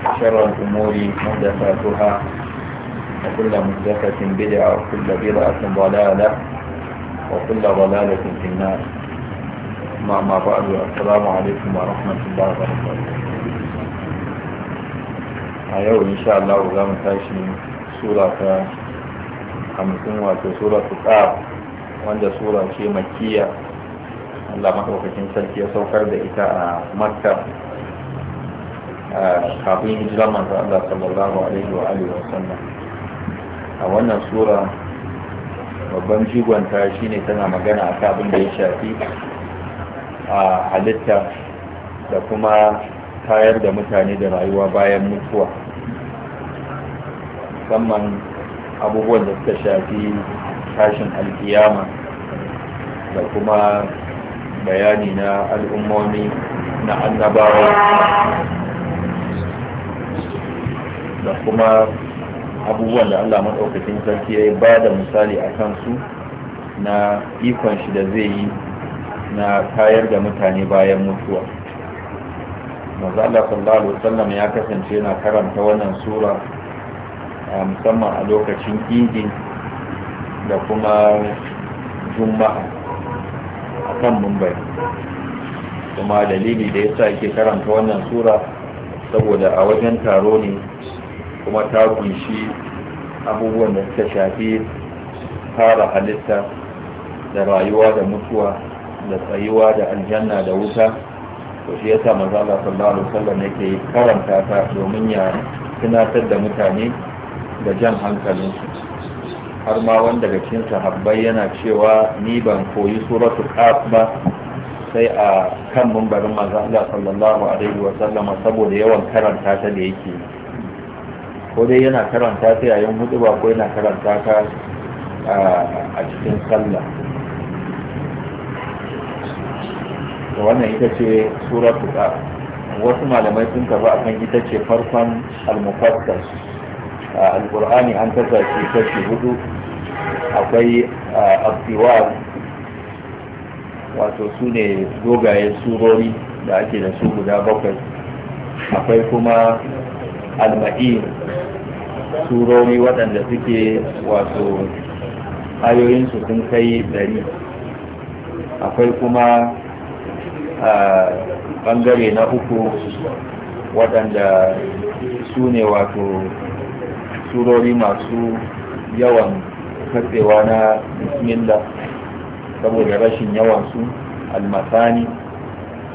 شر الأمور مهدفاتها وكل مهدفة بدعة وكل بضعة ضلالة وكل ضلالة في النار مع ما بعد السلام عليكم ورحمة الله وبركاته أيوه إن شاء الله وزام تايشن سورة خمسين واتو سورة الآب وانجا سورة شيء مكية Allah maɗaukakin sarki ya saukar da ita a Makka kafin hijira manzo Allah sallallahu alaihi wa alihi wasallam a wannan sura babban jigonta shine tana magana a kafin da ya shafi a halitta da kuma tayar da mutane da rayuwa bayan mutuwa musamman abubuwan da suka shafi tashin alkiyama da kuma bayani na al'ummomi na annabawa da kuma abubuwan da Allah maɗaukacin sarki ya yi ba da misali a kansu na ikon shi da zai yi na tayar da mutane bayan mutuwa maza Allah sallallahu alaihi ya kasance na karanta wannan sura musamman a lokacin idi da kuma juma'a a kan mumbai kuma dalili da yasa sa ke karanta wannan sura saboda a wajen taro ne kuma ta kunshi abubuwan da suka shafi fara halitta da rayuwa da mutuwa da tsayuwa da aljanna da wuta to shi yasa manzo Allah sallallahu alaihi wasallam yake karanta ta domin ya tunatar da mutane da jan hankalin har ma wanda daga cikin sahabbai yana cewa ni ban koyi suratul qaf ba sai a kan mumbarin maza Allah sallallahu alaihi wasallam saboda yawan karanta ta da yake yi ko dai yana karanta ta yayin hudu ba ko yana karanta ta a cikin sallah da wannan ita ce sura tuka wasu malamai sun taba kan ita ce farkon al-mufassal al-qur'ani an tasa shi kashi hudu akwai al wato su ne dogayen surori da ake da su guda bakwai akwai kuma al-ma'in surori waɗanda suke wato ayoyinsu sun kai ɗari akwai kuma ɓangare na uku waɗanda su ne wato surori masu yawan katsewa na bismillah saboda rashin yawansu almasani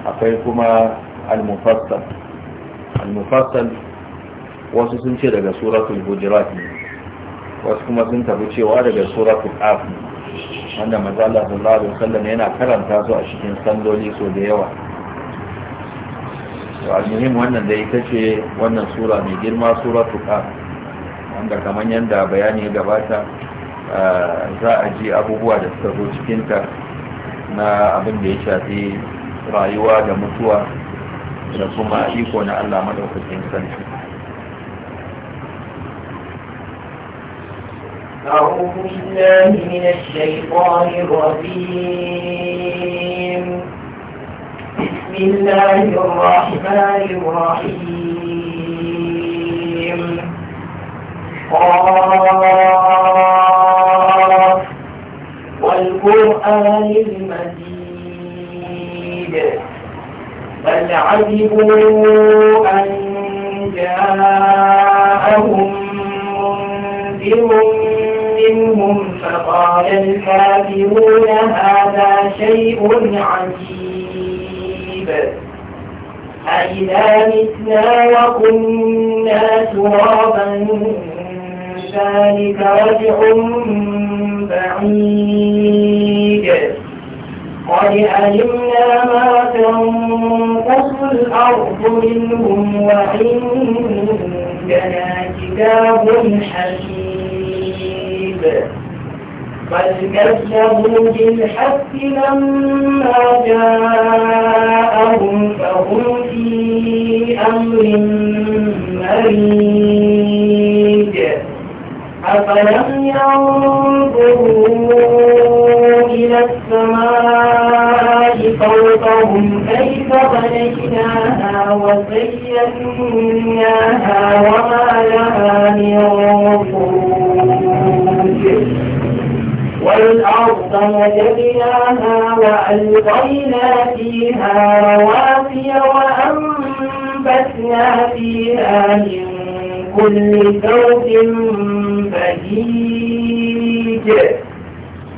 akwai kuma almufassal almufassal wasu sun ce daga suratul hujurat ne wasu kuma sun tafi cewa daga suratul qaf wanda manzo sallallahu alaihi yana karanta su a cikin sandoli so da yawa to almuhim wannan da ita ce wannan sura mai girma suratul qaf wanda kamar yanda bayani ya gabata za a ji abubuwa da suka zo cikinta na abin da ya shafi rayuwa da mutuwa da kuma iko na Allah madaukakin sarki أعوذ بالله من الشيطان الرجيم بسم الله الرحمن الرحيم قاف والقرآن المجيد بل عجبوا عليم عجيب أئذا متنا وكنا ترابا ذلك رجع بعيد قد علمنا ما تنقص الأرض منهم وعندنا كتاب حكيم بل كذبوا بالحق لما جاءهم فهم في أمر مريج أفلم ينظروا إلى السماء فوقهم كيف بنيناها وزيناها فمددناها وألقينا فيها رواسي وأنبتنا فيها من كل زوج بهيج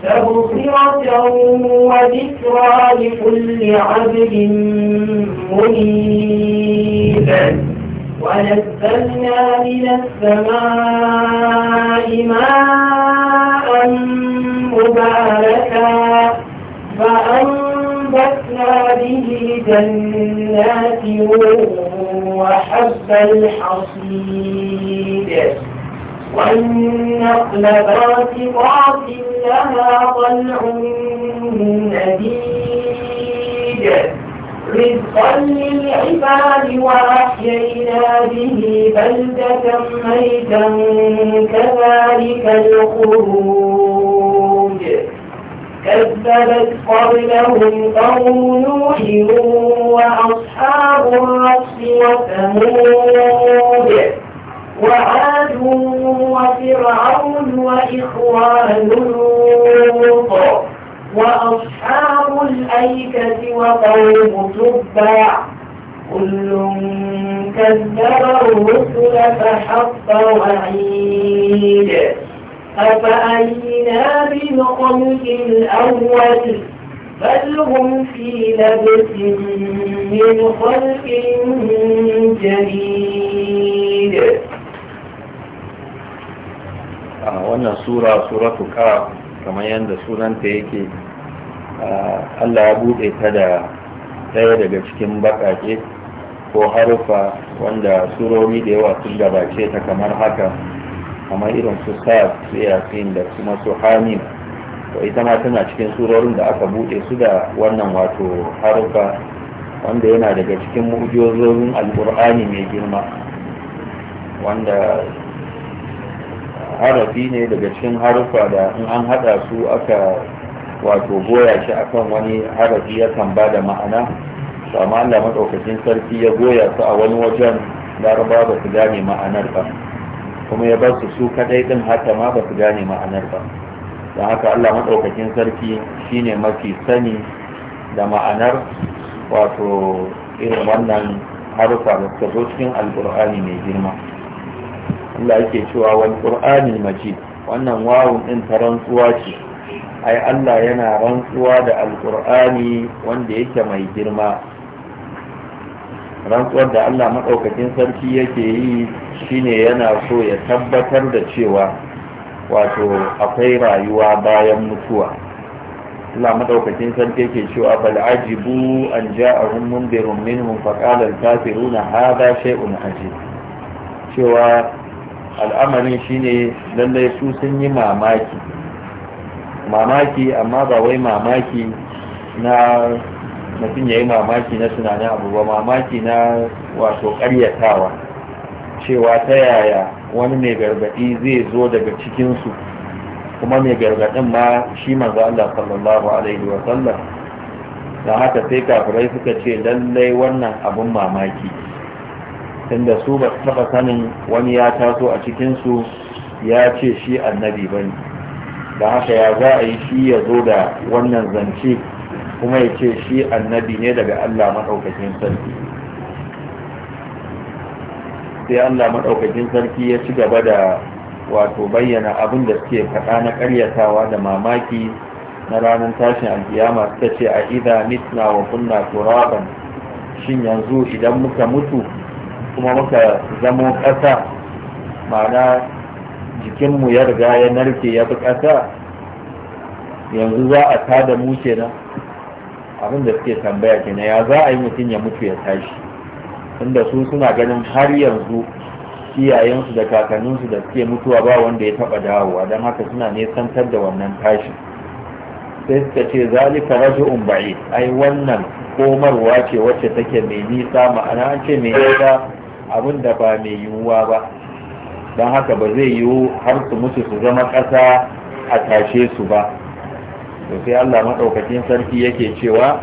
تبصرة وذكرى لكل عبد منيب ونزلنا من السماء ماء مباركا فأنبتنا به جنات وحب الحصيد والنقل باسقات لها طلع نديد رزقا للعباد وأحيينا به بلدة ميتا كذلك الخروج كذبت قبلهم قوم نوح وأصحاب الرس وثمود وعاد وفرعون وإخوان لوط وأصحاب الأيكة وقوم تبع كل كذب الرسل فحق وعيد أفأينا بالخلق الأول بل هم في لبس من خلق جديد wannan sura suratu ka kamar yadda sunanta yake Allah ya buɗe ta da ɗaya daga cikin baƙaƙe ko harufa wanda surori da yawa sun gabace ta kamar haka kamar irin su sayar su da kuma su hamim to ita ma tana cikin surorin da aka buɗe su da wannan wato haruka wanda yana daga cikin mu'jizozin alƙur'ani mai girma wanda harafi ne daga cikin harufa da in an haɗa su aka wato goya shi akan wani harafi kan ba da ma'ana amma Allah maɗaukacin sarki ya goya su a wani wajen laraba ba su gane ma'anar ba kuma ya bar su su kadai din haka ma ba su gane ma'anar ba don haka Allah madaukakin sarki shine mafi sani da ma'anar wato irin wannan harufa da suka zo cikin alqur'ani mai girma Allah yake cewa wal qur'anil majid wannan wawun ɗin ta rantsuwa ce ai Allah yana rantsuwa da alqur'ani wanda yake mai girma rantsuwar da Allah madaukakin sarki yake yi shine yana so ya tabbatar da cewa wato akwai rayuwa bayan mutuwa Allah madaukakin sarki yake cewa bal ajibu an ja'ahum mundirun minhum faqala al-kafiruna hadha shay'un ajib cewa al'amarin shine lallai su sun yi mamaki mamaki amma ba wai mamaki na mutum ya yi mamaki na tunanin abu ba mamaki na wato karyatawa cewa ta yaya wani mai gargadi zai zo daga cikinsu kuma mai gargadin ma shi manzo Allah sallallahu alaihi wa sallam da haka sai kafirai suka ce lallai wannan abun mamaki tunda su ba su taba sanin wani ya taso a cikinsu ya ce shi annabi bane da haka ya za a yi shi ya zo da wannan zance kuma ya ce shi annabi ne daga Allah maɗaukakin sarki sai Allah madaukakin sarki ya ci gaba da wato bayyana abin da suke faɗa na ƙaryatawa da mamaki na ranar tashin alkiyama suka ce a idha mitna wa kunna turaban shin yanzu idan muka mutu kuma muka zamo ƙasa ma'ana jikinmu ya riga ya narke ya fi ƙasa yanzu za a tada mu kenan abin da suke tambaya kenan ya za a yi mutum ya mutu ya tashi inda su suna ganin har yanzu iyayensu da kakanninsu da suke mutuwa ba wanda ya taɓa dawowa don haka suna nesantar da wannan tashi sai suka ce zalika raju'un ba'i ai wannan komarwa ce wacce take mai nisa ma'ana an ce mai nisa abin da ba mai yiwuwa ba don haka ba zai yiwu har su mutu su zama ƙasa a tashe su ba to sai Allah maɗaukakin sarki yake cewa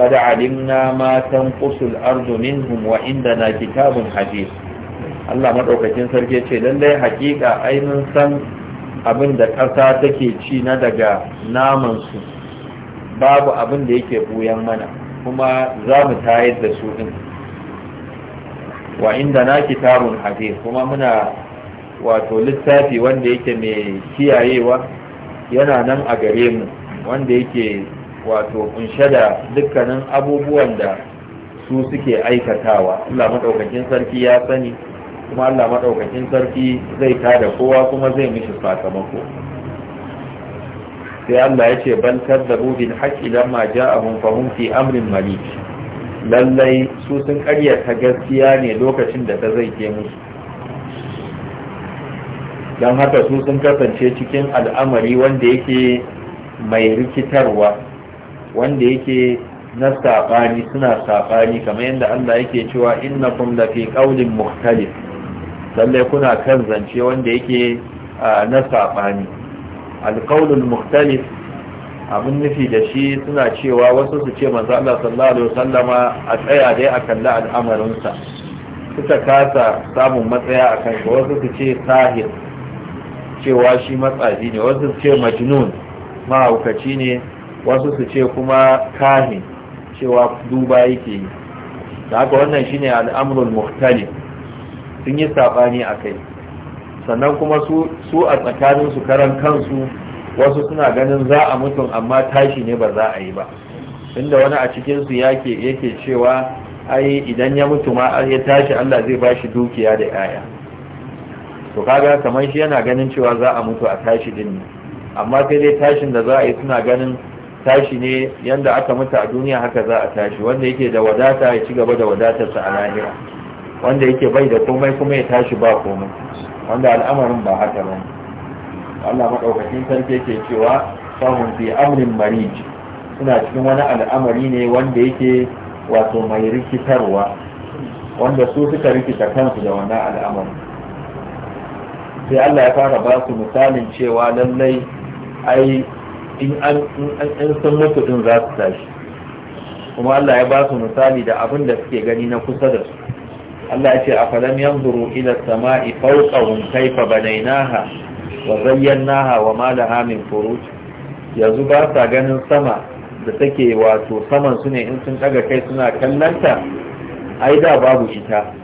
قد علمنا ما تنقص الأرض منهم وعندنا كتاب حديث Allah maɗaukacin sarki ce lallai hakika ai mun san abin da ƙasa take ci na daga namansu babu abin da yake buyan mana kuma za mu tayar da su ɗin wa inda na kitabun hafiz kuma muna wato littafi wanda yake mai kiyayewa yana nan a gare mu wanda yake wato kunshe da dukkanin abubuwan da su suke aikatawa Allah madaukakin sarki ya sani kuma Allah madaukakin sarki zai ta da kowa kuma zai mishi sakamako sai Allah ya ce ban kadzabu bil haqqi lamma ja'ahum fa hum fi amrin malik lallai su sun karyata gaskiya ne lokacin da ta zai ke musu don haka su sun kasance cikin al'amari wanda yake mai rikitarwa wanda yake na saɓani suna saɓani kamar yadda Allah yake cewa innakum la fi ƙaunin mukhtalif lalle kuna kan zance wanda yake na saɓani alqawlul mukhtalif abin nufi da shi suna cewa wasu su ce manzo Allah sallallahu alaihi wasallama a tsaya dai a kalla al'amarin sa suka kasa samun matsaya a kan wasu su ce sahir cewa shi matsafi ne wasu su ce majnun mahaukaci ne wasu su ce kuma kahi cewa duba yake yi da haka wannan shine al'amrul muktali. sun yi a kai. sannan kuma su a tsakanin su karan kansu wasu suna ganin za a mutum amma tashi ne ba za a yi ba inda wani a cikinsu su yake yake cewa ai idan ya mutu ma ya tashi Allah zai ba shi dukiya da yaya to kaga kamar shi yana ganin cewa za a mutu a tashi din amma sai dai tashin da za a yi suna ganin tashi ne yadda aka mutu a duniya haka za a tashi wanda yake da wadata ya ci gaba da wadatarsa a lahira wanda yake bai da komai kuma ya tashi ba komai wanda al'amarin ba haka ba Allah maɗaukacin sarki yake cewa sahun fi amrin marij suna cikin wani al'amari ne wanda yake wato mai rikitarwa wanda su suka rikita kansu da wannan al'amari sai Allah ya fara ba su misalin cewa lallai ai in an san mutu din za su tashi kuma Allah ya ba su misali da abin da suke gani na kusa da su Allah ya ce a falam buru ila sama'i fawqahum kaifa banaynaha wa zayyanaha wa ma laha min furuj yanzu ba sa ganin sama da take wato saman su ne in sun daga kai suna kallanta ai da babu ita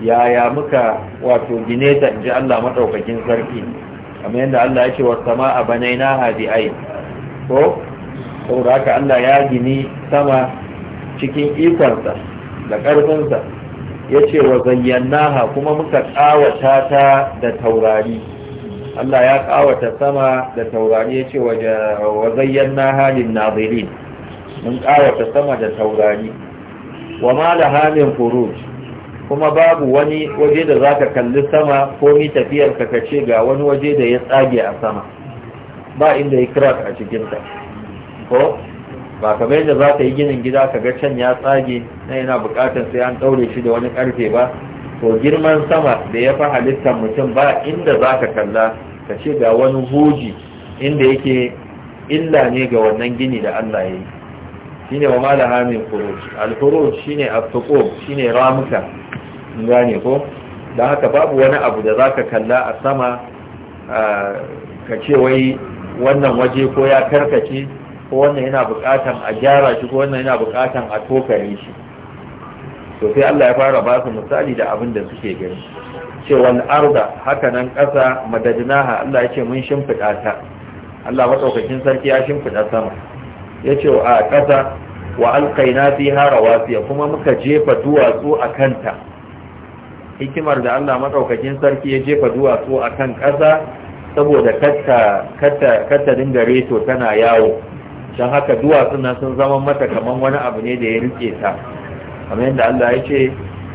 yaya muka wato gine ta ji Allah madaukakin sarki kamar yadda Allah ya ce wa sama'a banainaha bi ayn ko saboda haka Allah ya gini sama cikin ikonsa da ƙarfinsa ya ce wa zayyannaha kuma muka ƙawata ta da taurari Allah ya ƙawata sama da taurari ya ce wa zayyannaha lin nazirin mun ƙawata sama da taurari wa ma laha kuma babu wani waje da za ka kalli sama ko mi tafiyar ka kace ga wani waje da ya tsage a sama ba inda ya kira a cikinta ko ba kamar yadda za ka yi ginin gida ka ga can ya tsage na yana bukatar sai an ɗaure shi da wani karfe ba to girman sama da ya fi halittar mutum ba inda za ka kalla ka ce ga wani huji inda yake illa ne ga wannan gini da Allah ya yi shine wa malaha da furuj al furuj shine aftuqub shine ramuka gane ko don haka babu wani abu da za ka kalla a sama ka ce wai wannan waje ko ya karkace ko wannan yana bukatan a gyara shi ko wannan yana bukatan a tokare shi to sai Allah ya fara ba su misali da abin da suke gani wani arda haka nan ƙasa madadinaha Allah ya ce mun shimfiɗa ta Allah maɗaukakin sarki ya shimfiɗa sama ya ce a ƙasa wa alƙaina fi hara wasiya kuma muka jefa duwatsu a kanta hikimar da Allah madaukakin sarki ya jefa duwatsu akan ƙasa saboda katta katta katta dinga reto tana yawo don haka duwatsun nan sun zama mata kaman wani abu ne da ya rike ta kamar yadda Allah ya ce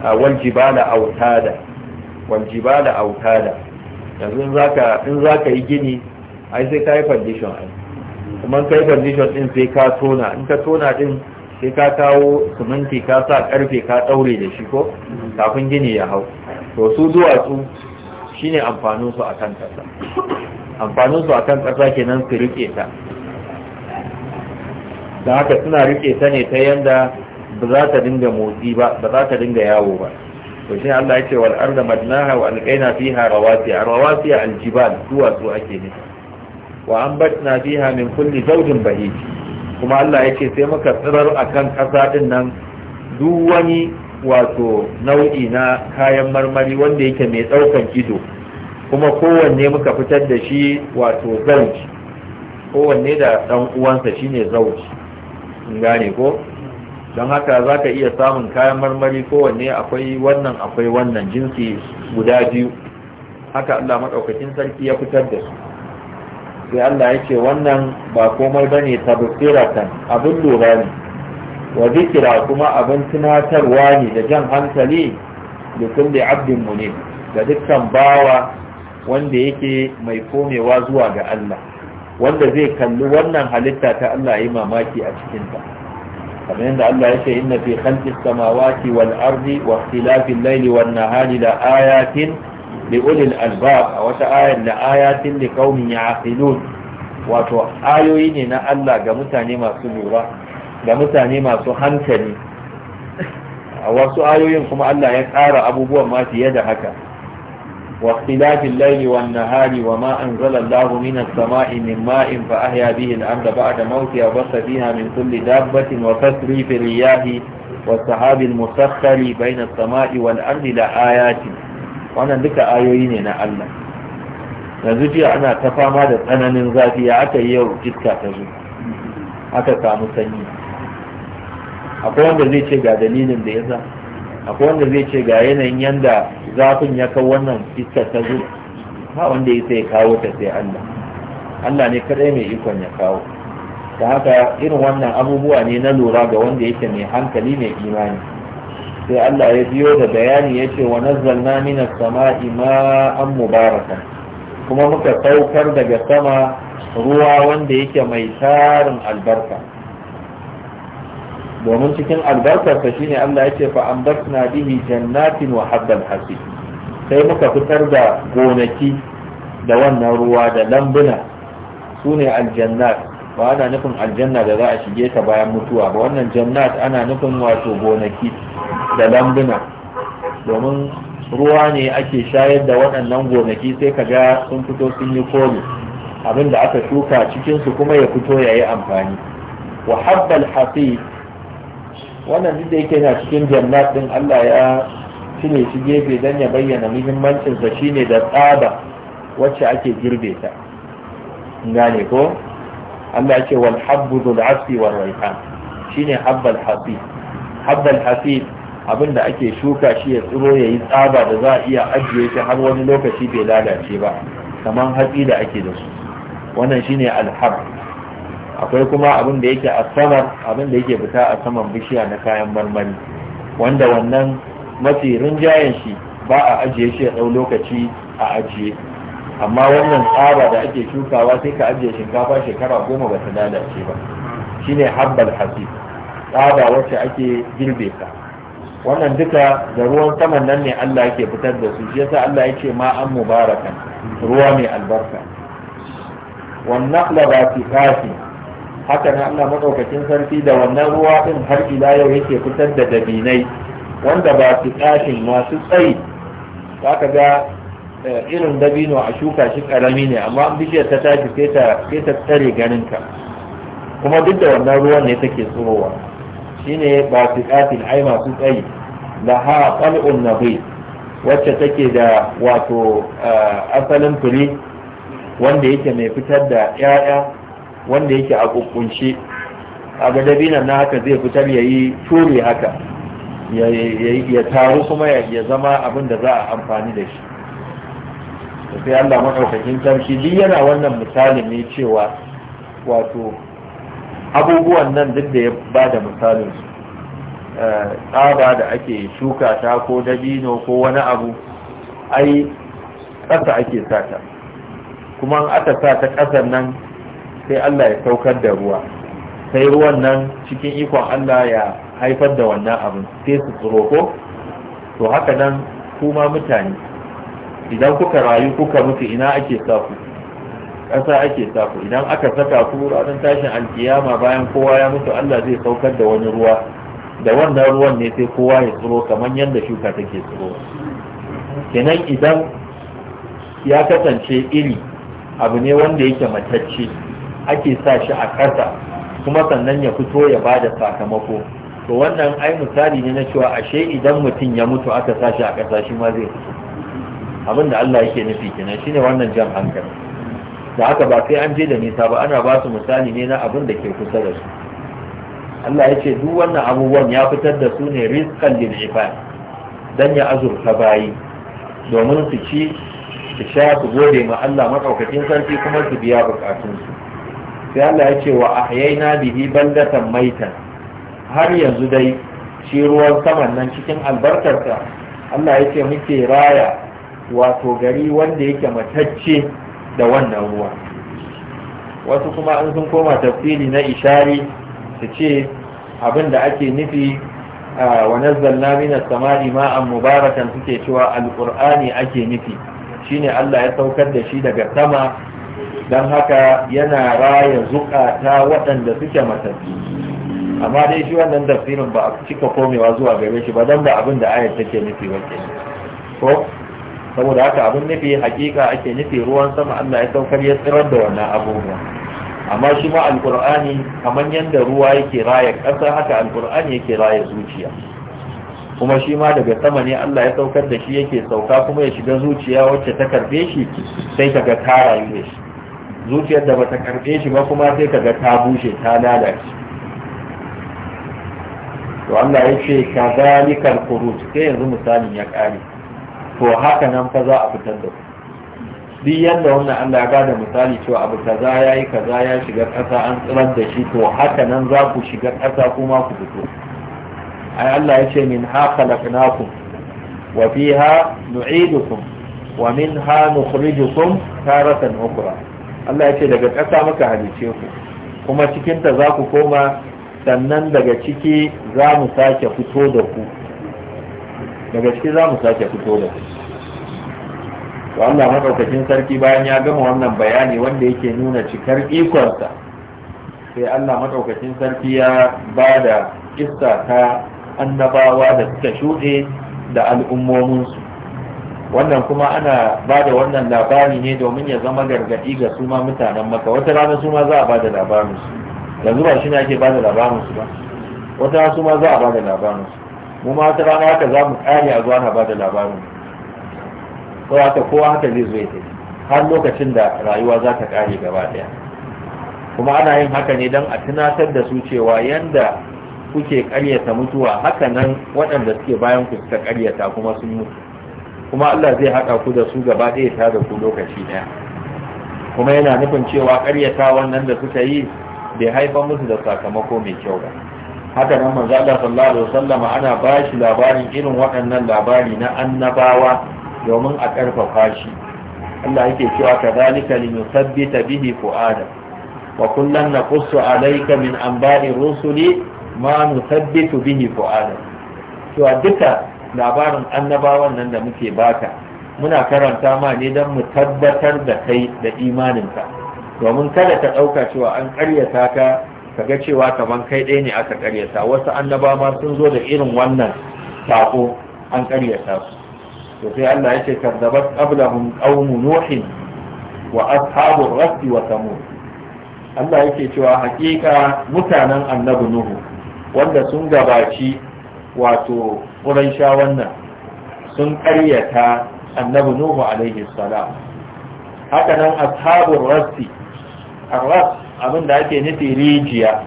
ah, wal jibala autada wal jibala autada yanzu in zaka in zaka yi gini ai sai kai foundation ai kuma kai foundation din sai ka tona in ka tona din sai ka kawo siminti ka sa karfe ka daure da shi ko kafin gini ya hau to su duwatsu shine amfanin su akan kasa amfanin su akan kasa kenan su rike ta da haka suna rike ta ne ta yanda ba za ta dinga motsi ba ba za ta dinga yawo ba to shi Allah ya ce wal arda madnaha wa alqaina fiha rawasi rawasiya aljibal duwatsu ake nufi wa anbatna fiha min kulli zawjin bahij kuma Allah ya ce sai muka tsirar akan ƙasa din nan duk wani wato nau'i na kayan marmari wanda yake mai ɗaukan ido kuma kowanne muka fitar da shi wato zauci kowanne da ɗan uwansa shine ne in gane ko don haka za ka iya samun kayan marmari kowanne akwai wannan akwai wannan jinsi guda biyu haka Allah maɗaukacin sarki ya fitar da su sai Allah yake wannan ba komai bane tabsiratan abin lura ne wa zikira kuma abin tunatarwa ne da jan hankali da kulli abdin ne ga dukkan bawa wanda yake mai komewa zuwa ga Allah wanda zai kalli wannan halitta ta Allah yi mamaki a cikinta kamar yadda Allah ya ce inna fi khalqis samawati wal ardi wa ikhtilafil layli wan nahari la ayatin liulil albab a wata ayar da ayatin li qaumin ya'qilun wato ayoyi ne na Allah ga mutane masu lura ga hankali a wasu ayoyin kuma Allah ya ƙara abubuwan ma fiye da haka wa ikhtilafil layli wan nahari wa ma anzala Allahu sama'i min ma'in fa ahya bihi al min kulli dabbatin wa tasrifir riyahi والسحاب المسخر بين السماء والأرض لآيات wannan duka ayoyi ne na Allah yanzu jiya ana ta fama da tsananin zafi ya aka yi yau iska ta zo aka samu sanyi akwai wanda zai ce ga dalilin da ya sa akwai wanda zai ce ga yanayin yanda zafin ya kawo wannan iska ta zo ba wanda ya sai kawo ta sai Allah Allah ne kadai mai ikon ya kawo Ta haka irin wannan abubuwa ne na lura ga wanda yake mai hankali mai imani sai Allah ya biyo da bayani ya ce wa nazzalna minas sama'i ma'an mubarakan kuma muka saukar daga sama ruwa wanda yake mai tarin albarka domin cikin albarkarsa shine Allah ya ce fa ambatna bihi jannatin wa habbal sai muka fitar da gonaki da wannan ruwa da lambuna sune aljannat ba ana nufin aljanna da za a shige ta bayan mutuwa ba wannan jannat ana nufin wato gonaki da lambuna domin ruwa ne ake shayar da waɗannan gonaki sai ka ga sun fito sun yi kori abin da aka shuka cikinsu kuma ya fito ya yi amfani wa habbal hafi wannan duk da yake na cikin jannat din Allah ya cire shi gefe don ya bayyana muhimmancin sa shine da tsaba wacce ake girbe ta gane ko Allah ya ce wal habbu dhul asfi wal raihan shine habbal hafi habbal hafi abin da ake shuka shi ya tsiro ya yi tsaba da za a iya ajiye shi har wani lokaci bai lalace ba kamar hatsi da ake da su wannan shine alhab akwai kuma abin da yake a samar abin da yake fita a saman bishiya na kayan marmari wanda wannan mafi rinjayen shi ba a ajiye shi ya ɗau lokaci a ajiye amma wannan tsaba da ake shukawa sai ka ajiye shinkafa shekara goma ba ta lalace ba shine habbal hatsi. tsaba wacce ake girbe ka wannan duka da ruwan saman nan ne Allah yake fitar da su shi yasa Allah ya ce ma an mubarakan ruwa mai albarka wannan ba su kafi haka nan Allah madaukakin sarki da wannan ruwa din har ila yau yake fitar da dabinai wanda ba su kafin masu tsayi ka ga eh, irin dabino a shuka shi karami ne amma an bishiyar ta tashi sai ta tsare ganinka kuma duk da wannan ruwan ne take tsirowa shine ba su ai masu tsayi laha qal'un nabi wacce take da wato asalin fure wanda yake mai fitar da yaya wanda yake a ƙuƙunshi. a gadabinan na haka zai fitar yayi turi haka ya taru kuma ya zama abin da za a amfani da shi sai Allah maɗaukakin sarki duk yana wannan misali ne cewa wato abubuwan nan duk da ya ba da misalin su eh, tsaba da ake shuka ta ko dabino ko wani abu ai ƙasa ake sata kuma an aka sa ta ƙasar nan sai Allah ya saukar da ruwa sai ruwan nan cikin ikon Allah ya haifar da wannan abin sai su tsoro ko to haka nan kuma mutane idan kuka rayu kuka mutu ina ake sa ku ƙasa ake safu idan aka saka ku ranar tashin alkiyama bayan kowa ya mutu Allah zai saukar da wani ruwa da wannan ruwan ne sai kowa ya tsiro kamar yadda shuka take tsiro kenan idan ya kasance iri abu ne wanda yake matacce ake sa shi a ƙasa kuma sannan ya fito ya ba da sakamako to wannan ai misali ne na cewa ashe idan mutum ya mutu aka sa shi a ƙasa shi ma zai fito abin da Allah yake nufi kenan shine wannan jan hankali da haka ba sai an je da nisa ba ana ba su misali ne na abin da ke kusa da su Allah ya ce duk wannan abubuwan ya fitar da su ne rizqan lil ibad dan ya azurta bayi domin su ci su sha su gode ma Allah madaukakin sarki kuma su biya bukatun su sai Allah ya ce wa ahyayna bihi baldatan maitan har yanzu dai shi ruwan saman nan cikin albarkarsa Allah ya ce muke raya wato gari wanda yake matacce da wannan ruwa wasu kuma an sun koma tafsiri na ishari su ce abin da ake nufi wa nazzalna minas samai ma'an mubarakan suke cewa alqur'ani ake nufi shine Allah ya saukar da shi daga sama don haka yana raya zukata waɗanda suke matattu amma dai shi wannan tafsirin ba a cika komewa zuwa gare shi ba don ba abin da ayat take nufi wake ko saboda haka abin nufi hakika ake nufi ruwan sama Allah ya saukar ya tsirar da wannan abubuwa amma shi ma alkur'ani kamar yadda ruwa yake raya ƙasa haka alkur'ani yake raya zuciya kuma shi ma daga sama ne Allah ya saukar da shi yake sauka kuma ya shiga zuciya wacce ta karbe shi sai kaga ta rayu shi zuciyar da bata karɓe shi ba kuma sai ka ga ta bushe ta lalace to Allah ya ce kazalikal khuruj sai yanzu misalin ya ƙare. to haka nan fa za a fitar da ku duk yadda wannan Allah ya bada misali cewa abu kaza ya yi kaza ya shiga ƙasa an tsirar da shi to haka nan za ku shiga ƙasa kuma ku fito ai Allah ya ce min ha khalaqnakum wa fiha nu'idukum wa minha nukhrijukum taratan ukhra Allah ya ce daga ƙasa muka halice ku kuma cikin ta za ku koma sannan daga ciki za mu sake fito da ku daga ciki za mu sake fito da su Allah madaukakin sarki bayan ya gama wannan bayani wanda yake nuna cikar ikonsa sai Allah madaukakin sarki ya ba da kissa ta annabawa da suka shuɗe da al'ummominsu wannan kuma ana ba da wannan labari ne domin ya zama gargaɗi ga su ma mutanen maka wata rana su ma za a ba da labarinsu yanzu ba shi ne ake ba da labarinsu ba wata rana su ma za a ba da labarinsu mu ma ta rana haka za mu kare a zuwa na ba da labarin ko haka kowa haka zai zo ya har lokacin da rayuwa za ta kare gaba daya kuma ana yin haka ne don a tunatar da su cewa yanda kuke karyata mutuwa haka nan waɗanda suke bayan ku suka karyata kuma sun mutu kuma Allah zai haɗa ku da su gaba ɗaya ta da ku lokaci ɗaya kuma yana nufin cewa karyata wannan da suka yi bai haifar musu da sakamako mai kyau ba haka nan manzo Allah sallallahu alaihi wasallam ana ba shi labarin irin waɗannan labari na annabawa domin a ƙarfafa shi Allah yake cewa kadhalika linusabbita bihi fuada wa kullan naqussu alayka min anba'i rusuli ma nusabbitu bihi fuada cewa duka labarin annabawan nan da muke baka muna karanta ma ne don mu tabbatar da kai da imaninka domin kada ka ɗauka cewa an ƙaryata ka kaga cewa kaman kai ɗaya ne aka karyata wasu annaba ma sun zo da irin wannan sako an karyata su to sai Allah yake ce qablahum qaumu wa ashabu rasi wa samud Allah yake cewa haƙiƙa mutanen annabi nuhu wanda sun gabaci wato ƙuraisha wannan sun ƙaryata annabi nuhu alaihi salam haka nan ashabul rasi arras abin da ake nufi rijiya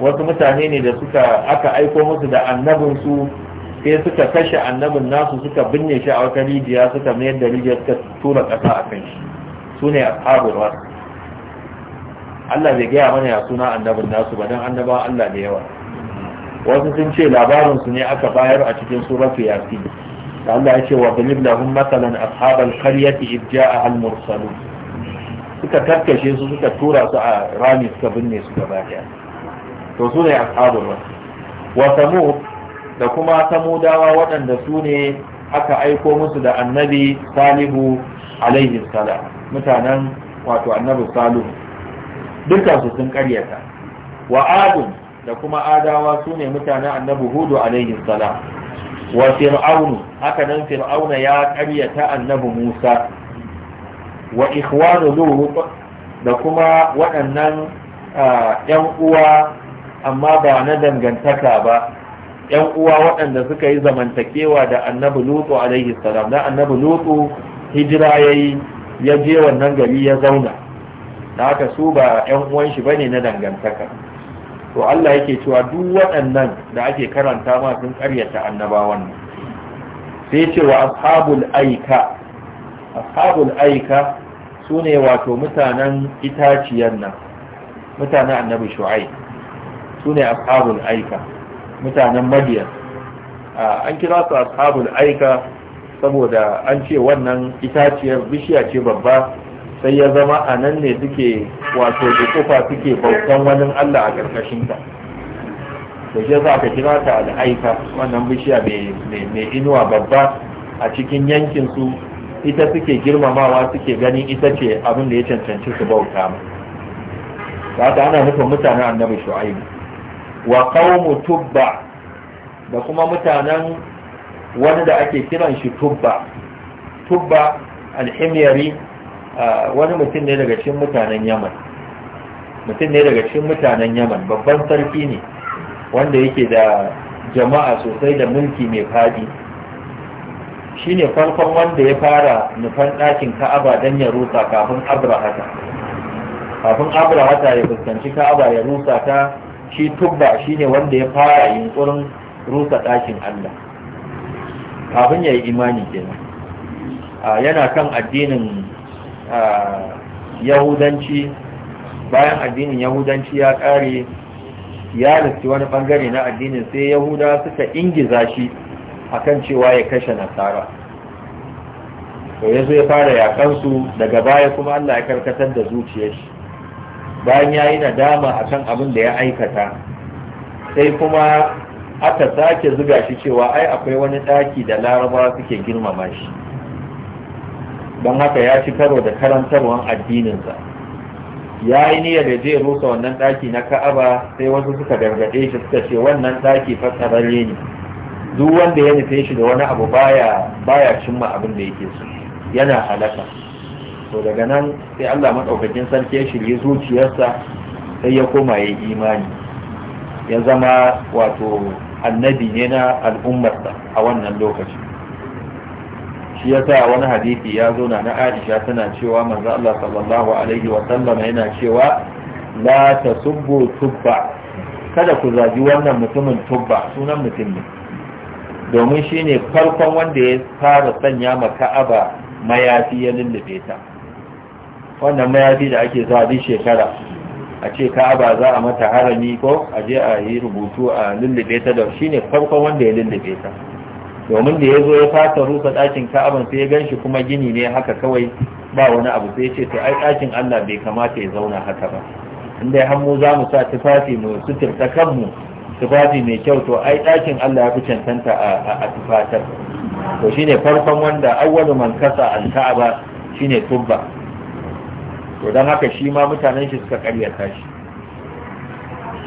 wasu mutane ne da suka aka aiko musu da annabin su sai suka kashe annabin nasu suka binne shi a wata rijiya suka mayar da rijiya suka tura ƙasa a kan shi su ne ashabul ras Allah bai gaya mana ya suna annabin nasu ba don annaba Allah da yawa wasu sun ce labarin su ne aka bayar a cikin suratu yasin Allah ya ce wa bilib lahum masalan ashabal qaryati idja'ahal mursalun suka karkashe su suka tura su a rami suka binne su gaba daya to su ne ashabul ras wa samud da kuma samudawa waɗanda su ne aka aiko musu da annabi salihu alaihi salam mutanen wato annabi salihu dukkan su sun karyata wa adun da kuma adawa su ne mutanen annabi hudu alaihi salam wa fir'aunu haka nan fir'auna ya karyata annabi musa wa ikhwanu lut da kuma waɗannan ‘yan uwa amma ba na dangantaka ba ‘yan uwa waɗanda suka yi zamantakewa da annabi lutu alaihi salam na annabi lutu hijira yayi ya je wannan gari ya zauna da haka su ba ‘yan uwan shi bane na dangantaka to Allah yake cewa duk waɗannan da ake karanta ma sun ƙaryata annabawan sai ce wa ashabul aika ashabul aika su wato mutanen itaciyar nan mutanen annabi shu'ai sune ne ashabul aika mutanen madiyan an kira su ashabul aika saboda an ce wannan itaciyar bishiya ce babba sai ya zama a nan ne suke wato da dukufa suke bautan wani allah a ƙarƙashinta da shi za ka kira ta al'aika wannan bishiya mai inuwa babba a cikin yankin su ita suke girmamawa suke ganin ita ce abin da ya cancanci su bauta mu ta ana nufin mutanen annabi shu'aibu wa qaumu tubba da kuma mutanen wani da ake kiran shi tubba tubba alhimyari wani mutum ne daga cikin mutanen yaman mutum ne daga cikin mutanen yaman babban sarki ne wanda yake da jama'a sosai da mulki mai faɗi. Shi ne farkon wanda ya fara nufan ɗakin ka'aba dan ya rusa kafin abrahata kafin abrahata ya fuskanci ka'aba ya rusa ta shi tubba shi ne wanda ya fara yunkurin rusa ɗakin allah kafin ya yi imani kenan yana kan addinin yahudanci bayan addinin yahudanci ya ƙare ya lissi wani bangare na addinin sai yahuda suka ingiza shi akan cewa ya kashe nasara to ya zo ya fara yakansu daga baya kuma Allah ya karkatar da zuciyar shi bayan ya yi nadama akan abin da ya aikata sai kuma aka sake zuga shi cewa ai akwai wani ɗaki da laraba suke girmama shi don haka ya ci karo da karantarwan addininsa ya yi niyyar da zai rusa wannan ɗaki na ka'aba sai wasu suka gargaɗe shi suka ce wannan ɗaki fatsararre ne duk wanda ya nufe shi da wani abu baya baya cimma abin da yake so yana halaka to daga nan sai Allah madaukakin sarki ya shirye zuciyarsa sai ya koma ya imani ya zama wato annabi ne na al'ummarsa a wannan lokaci shi yasa wani hadisi ya zo na na Aisha tana cewa manzo Allah sallallahu alaihi wa sallam yana cewa la tasubbu tubba kada ku zaji wannan mutumin tubba sunan mutum ne domin shi ne farkon wanda ya fara sanya ma ka'aba mayafi ya lullube ta wannan mayafi da ake zuwa duk shekara a ce ka'aba za a mata harami ko a je a yi rubutu a lullube ta da ne farkon wanda ya lullube ta domin da ya zo ya fata rufe ɗakin ka'aban sai ya gan shi kuma gini ne haka kawai ba wani abu sai ce to ai ɗakin Allah bai kamata ya zauna haka ba inda har mu za mu sa tufafi mu ta kanmu tufafi mai kyau to ai ɗakin Allah ya fi cancanta a tufatar to shine farkon wanda awwalu man kasa al-ka'aba shine tubba to dan haka shi ma mutanen shi suka karyata shi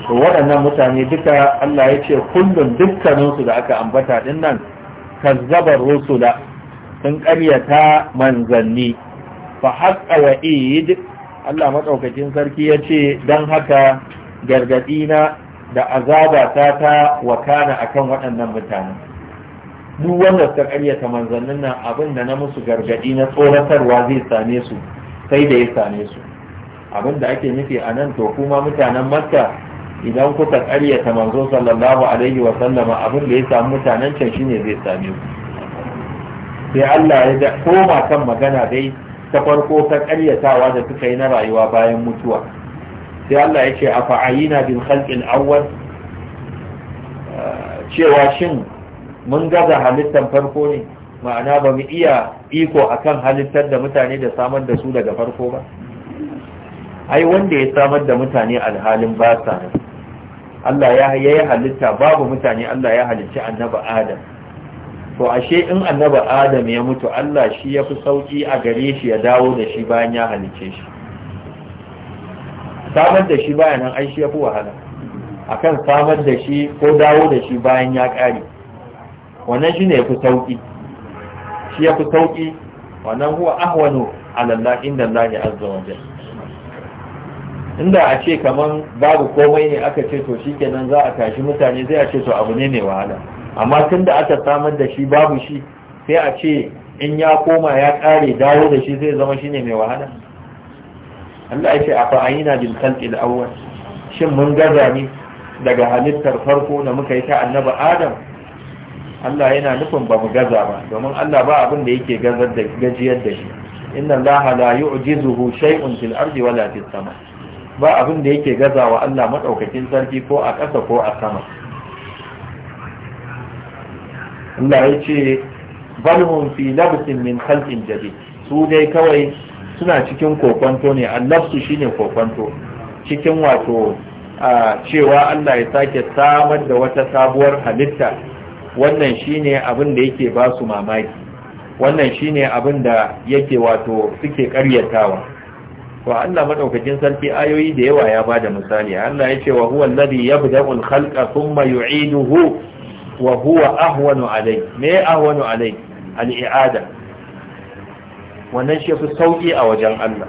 to waɗannan mutane duka Allah ya ce kullum dukkaninsu da aka ambata din nan kazzabar rusula sun karyata manzanni fa haqqa wa'id Allah madaukakin sarki ya ce dan haka gargadi na da azaba ta ta wakana akan waɗannan mutane duk wanda suka karyata manzannin nan abin da na musu gargadi na tsoratarwa zai same su sai da ya same su abin da ake nufi a nan to kuma mutanen makka idan kuka karyata manzo sallallahu alaihi wa sallama abin da ya samu mutanen can shine zai same su. sai Allah ya koma kan magana dai ta farko ta karyatawa da suka yi na rayuwa bayan mutuwa sai Allah ya ce a fa'ayina bin halƙin awwal ah, cewa shin mun gaza halittar farko ne ma'ana ba mu iya iko akan halittar da mutane da samar da su daga farko ba ai wanda ya samar da mutane alhalin ba sa Allah ya yi halitta babu mutane Allah ya halicci annaba Adam to ashe in annaba Adam ya mutu Allah shi ya fi sauƙi a gare shi ya dawo da shi bayan ya halicce shi samar da shi bayan nan ai shi yafi wahala akan samar da shi ko dawo da shi bayan ya ƙare wannan ya fi sauƙi shi yafi sauƙi wannan huwa ahwanu a Allah inda Allah azza wa jalla inda a ce kaman babu komai ne aka ce to shikenan za a tashi mutane zai a ce to abu ne mai wahala amma tunda aka samar da shi babu shi sai a ce in ya koma ya ƙare dawo da shi zai zama shi ne mai wahala Allah ya ce a fa'ayina bil khalqil awwal shin mun gaza ne daga halittar farko da muka yi ta annabi Adam Allah yana nufin ba mu gaza ba domin Allah ba abin da yake gazar da gajiyar da shi inna Allah la yu'jizuhu shay'un fil ardi wala fis sama ba abin da yake gazawa Allah madaukakin sarki ko a ƙasa ko a sama Allah ya ce bal hum fi labsin min khalqin jadid su dai kawai suna cikin kokwanto ne annafsu shine kokwanto cikin wato cewa Allah ya sake samar da wata sabuwar halitta wannan shine abin da yake ba su mamaki wannan shine abin da yake wato suke karyatawa to Allah madaukakin sarki ayoyi da yawa ya bada misali Allah ya ce wa huwa alladhi yabda'ul khalqa thumma yu'iduhu wa huwa ahwanu alayhi me ahwanu alayhi al-i'ada wannan shi fi sauƙi a wajen Allah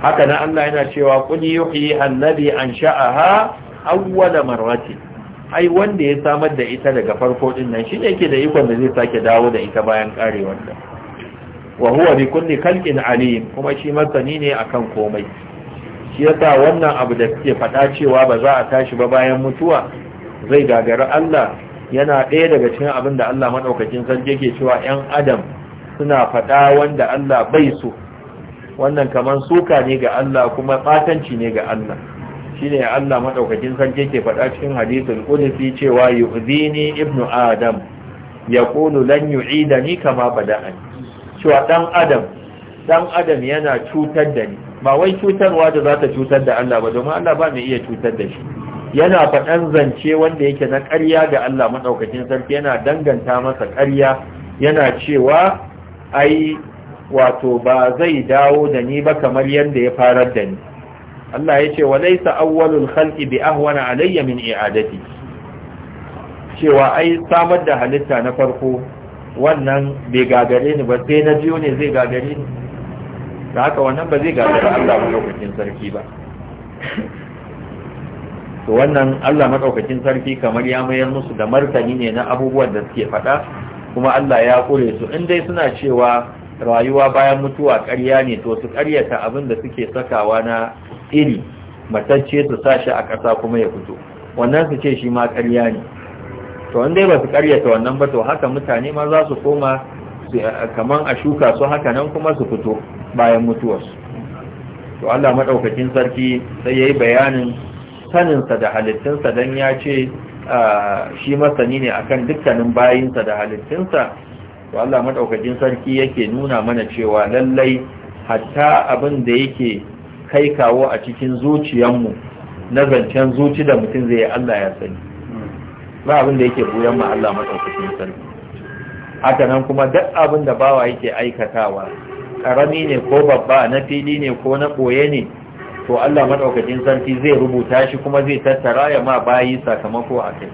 haka na Allah yana cewa Kuni yuhyi annabi an sha'aha awwala marrati ai wanda ya samar da ita daga farko din nan shine yake da ikon da zai sake dawo da ita bayan karewar ta wa huwa bi kulli khalqin alim kuma shi masani ne akan komai shi yasa wannan abu da suke faɗa cewa ba za a tashi ba bayan mutuwa zai gagari Allah yana ɗaya daga cikin abin da Allah maɗaukacin sarki yake cewa 'yan adam suna faɗa wanda Allah bai so wannan kamar suka ne ga Allah kuma ɓatanci ne ga Allah Shi ne Allah maɗaukacin sarki yake faɗa cikin hadisul ƙunifi cewa yu'zini ibnu adam yaqulu lan ni kama bada'ani cewa dan adam dan adam yana cutar da ni ba wai cutarwa da za ta cutar da Allah ba domin Allah ba mai iya cutar da shi yana faɗan zance wanda yake na ƙarya ga Allah maɗaukacin sarki yana danganta masa ƙarya yana cewa ai wato ba zai dawo da ni ba kamar yadda ya farar da ni Allah ya ce wa laisa awwalul khalqi bi ahwana alayya min i'adati cewa ai samar da halitta na farko wannan bai gagare ni ba sai na jiyo ne zai gagare ni da haka wannan ba zai gagare Allah maɗaukacin sarki ba to wannan Allah madaukakin sarki kamar ya mayar musu da martani ne na abubuwan da suke faɗa kuma Allah ya kure su in dai suna cewa rayuwa bayan mutuwa ƙarya ne to su ƙaryata abin da suke sakawa na iri matacce su sashi a ƙasa kuma ya fito wannan su ce shi ma ƙarya ne to in dai ba su ƙaryata wannan ba to haka mutane ma za su koma kaman a shuka su haka nan kuma su fito bayan mutuwarsu to Allah maɗaukakin sarki sai yayi bayanin saninsa da halittinsa don ya ce ah, shi masani ne akan dukkanin bayinsa da halittinsa to Allah sarki yake nuna mana cewa lallai hatta abin da yake kai kawo a cikin zuciyanmu na zancen zuci da mutum zai Allah ya sani ba abin da yake buyan ma Allah madaukakin sarki haka nan kuma duk abin da bawa yake aikatawa karami ne ko babba na fili ne ko na ɓoye ne to Allah madaukakin sarki zai rubuta shi kuma zai tattara ya ma bayi sakamako a kai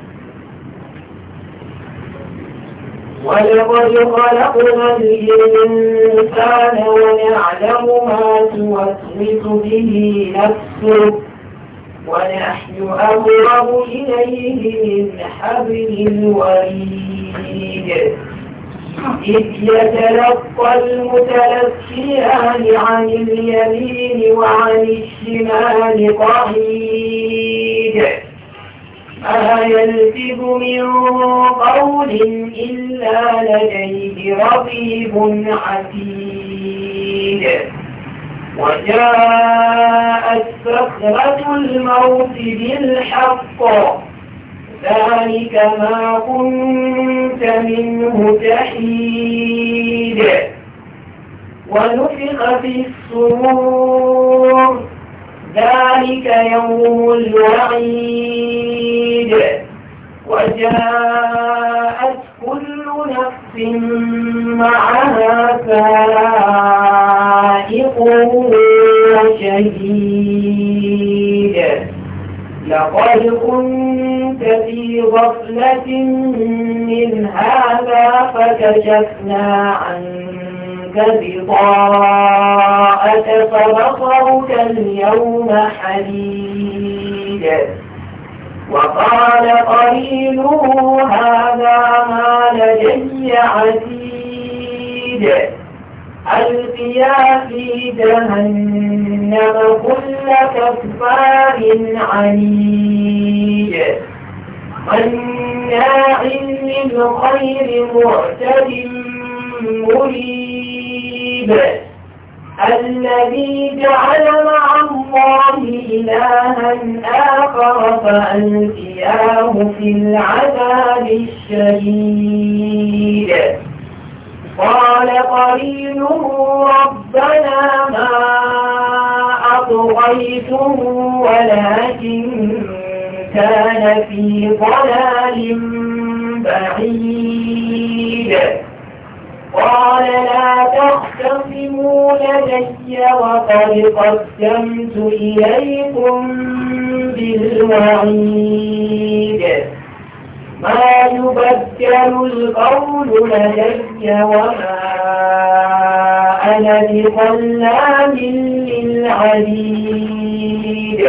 ولقد خلقنا الإنسان ونعلم ما توسوس به نفسه ونحن أقرب إليه من حبل الوريد إذ يتلقى المتلقيان عن اليمين وعن الشمال قعيد ما يلفظ من قول إلا لديه رقيب عتيد وجاءت سكرة الموت بالحق ذلك ما كنت منه تحيد ونفخ في الصور ذلك يوم الوعيد وجاءت كل نفس معها سائق وشهيد لقد كنت في غفلة من هذا فكشفنا عنك بضاءك فبصرك اليوم حديد وقال قليله هذا ما لدي عتيد ألقيا في جهنم كل كفار عنيد مناع للخير معتد مريب الذي جعل مع الله إلها آخر فألقياه في العذاب الشديد قال قرينه ربنا ما أطغيته ولكن كان في ضلال بعيد قال لا تختصموا لدي وقد قدمت إليكم بالوعيد ما يبدل القول لدي وما أنا بظلام للعبيد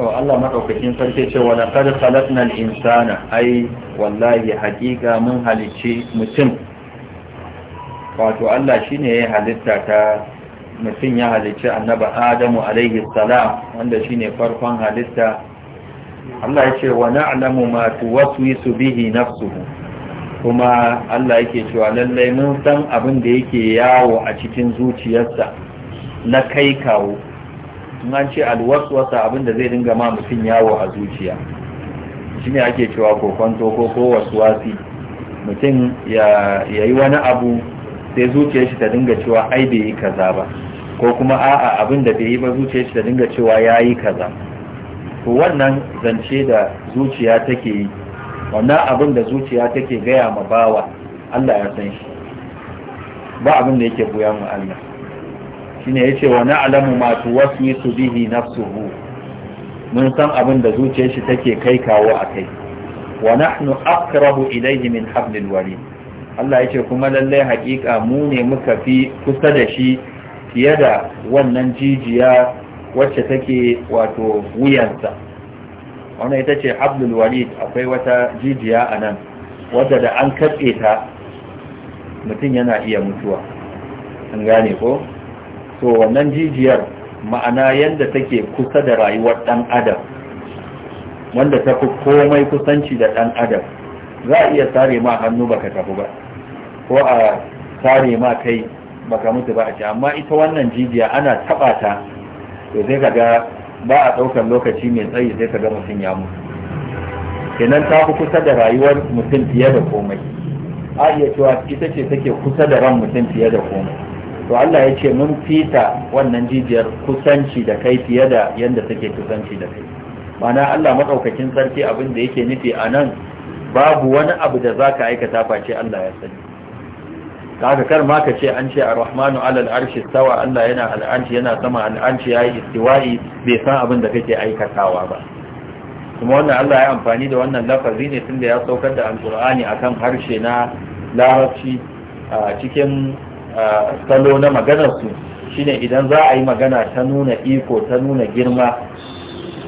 Allah maɗaukakin sarki ce wa laqad khalaqna al-insana ai wallahi haƙiƙa mun halicci mutum wato Allah shine ya halitta ta mutum ya halicci annabi Adamu alaihi salam wanda shine farkon halitta Allah ya ce wa na'lamu ma tuwaswisu bihi nafsuhu kuma Allah yake cewa lallai mun san abin da yake yawo a cikin zuciyarsa na kai kawo in an ce alwaswasa abin da zai dinga ma mutum yawo a zuciya shine ake cewa kokonto ko ko waswasi mutum ya yi wani abu sai zuciyar shi ta dinga cewa ai bai yi kaza ba ko kuma a'a abin da bai yi ba zuciyar shi ta dinga cewa ya yi kaza to wannan zance da zuciya take yi wannan abin da zuciya take gaya ma bawa Allah ya san shi ba abin da yake buya mu Allah shine yace wa alamu ma tuwaswisu bihi nafsuhu mun san abin da zuciyar shi take kai kawo a kai wa nahnu aqrabu ilayhi min hablil warid Allah yace kuma lalle hakika mu ne muka fi kusa da shi fiye da wannan jijiya wacce take wato wuyansa wannan ita ce hablul walid akwai wata jijiya a nan wadda da an katse ta mutum yana iya mutuwa an gane ko to wannan jijiyar ma'ana yadda take kusa da rayuwar ɗan adam wanda ta fi komai kusanci da ɗan adam za a iya sare ma hannu baka tafi ba ko a sare ma kai baka mutu ba a ce amma ita wannan jijiya ana taɓa ta to sai kaga ba a ɗaukar lokaci mai tsayi sai kaga mutum ya mutu kenan ta fi kusa da rayuwar mutum fiye da komai a iya cewa ita ce take kusa da ran mutum fiye da komai to Allah ya ce mun fita wannan jijiyar kusanci da kai fiye da yadda take kusanci da kai mana Allah maɗaukakin sarki abin da yake nufi a nan babu wani abu da za ka aikata face Allah ya sani haka kar ma ka ce an ce ar-rahmanu alal arshi tawa Allah yana al'anci yana sama al'anci yayi istiwa'i bai san abin da kake aikatawa ba kuma wannan Allah ya amfani da wannan lafazi ne tunda ya saukar da alqur'ani akan harshe na larabci a cikin salo na maganar su shine idan za a yi magana ta nuna iko ta nuna girma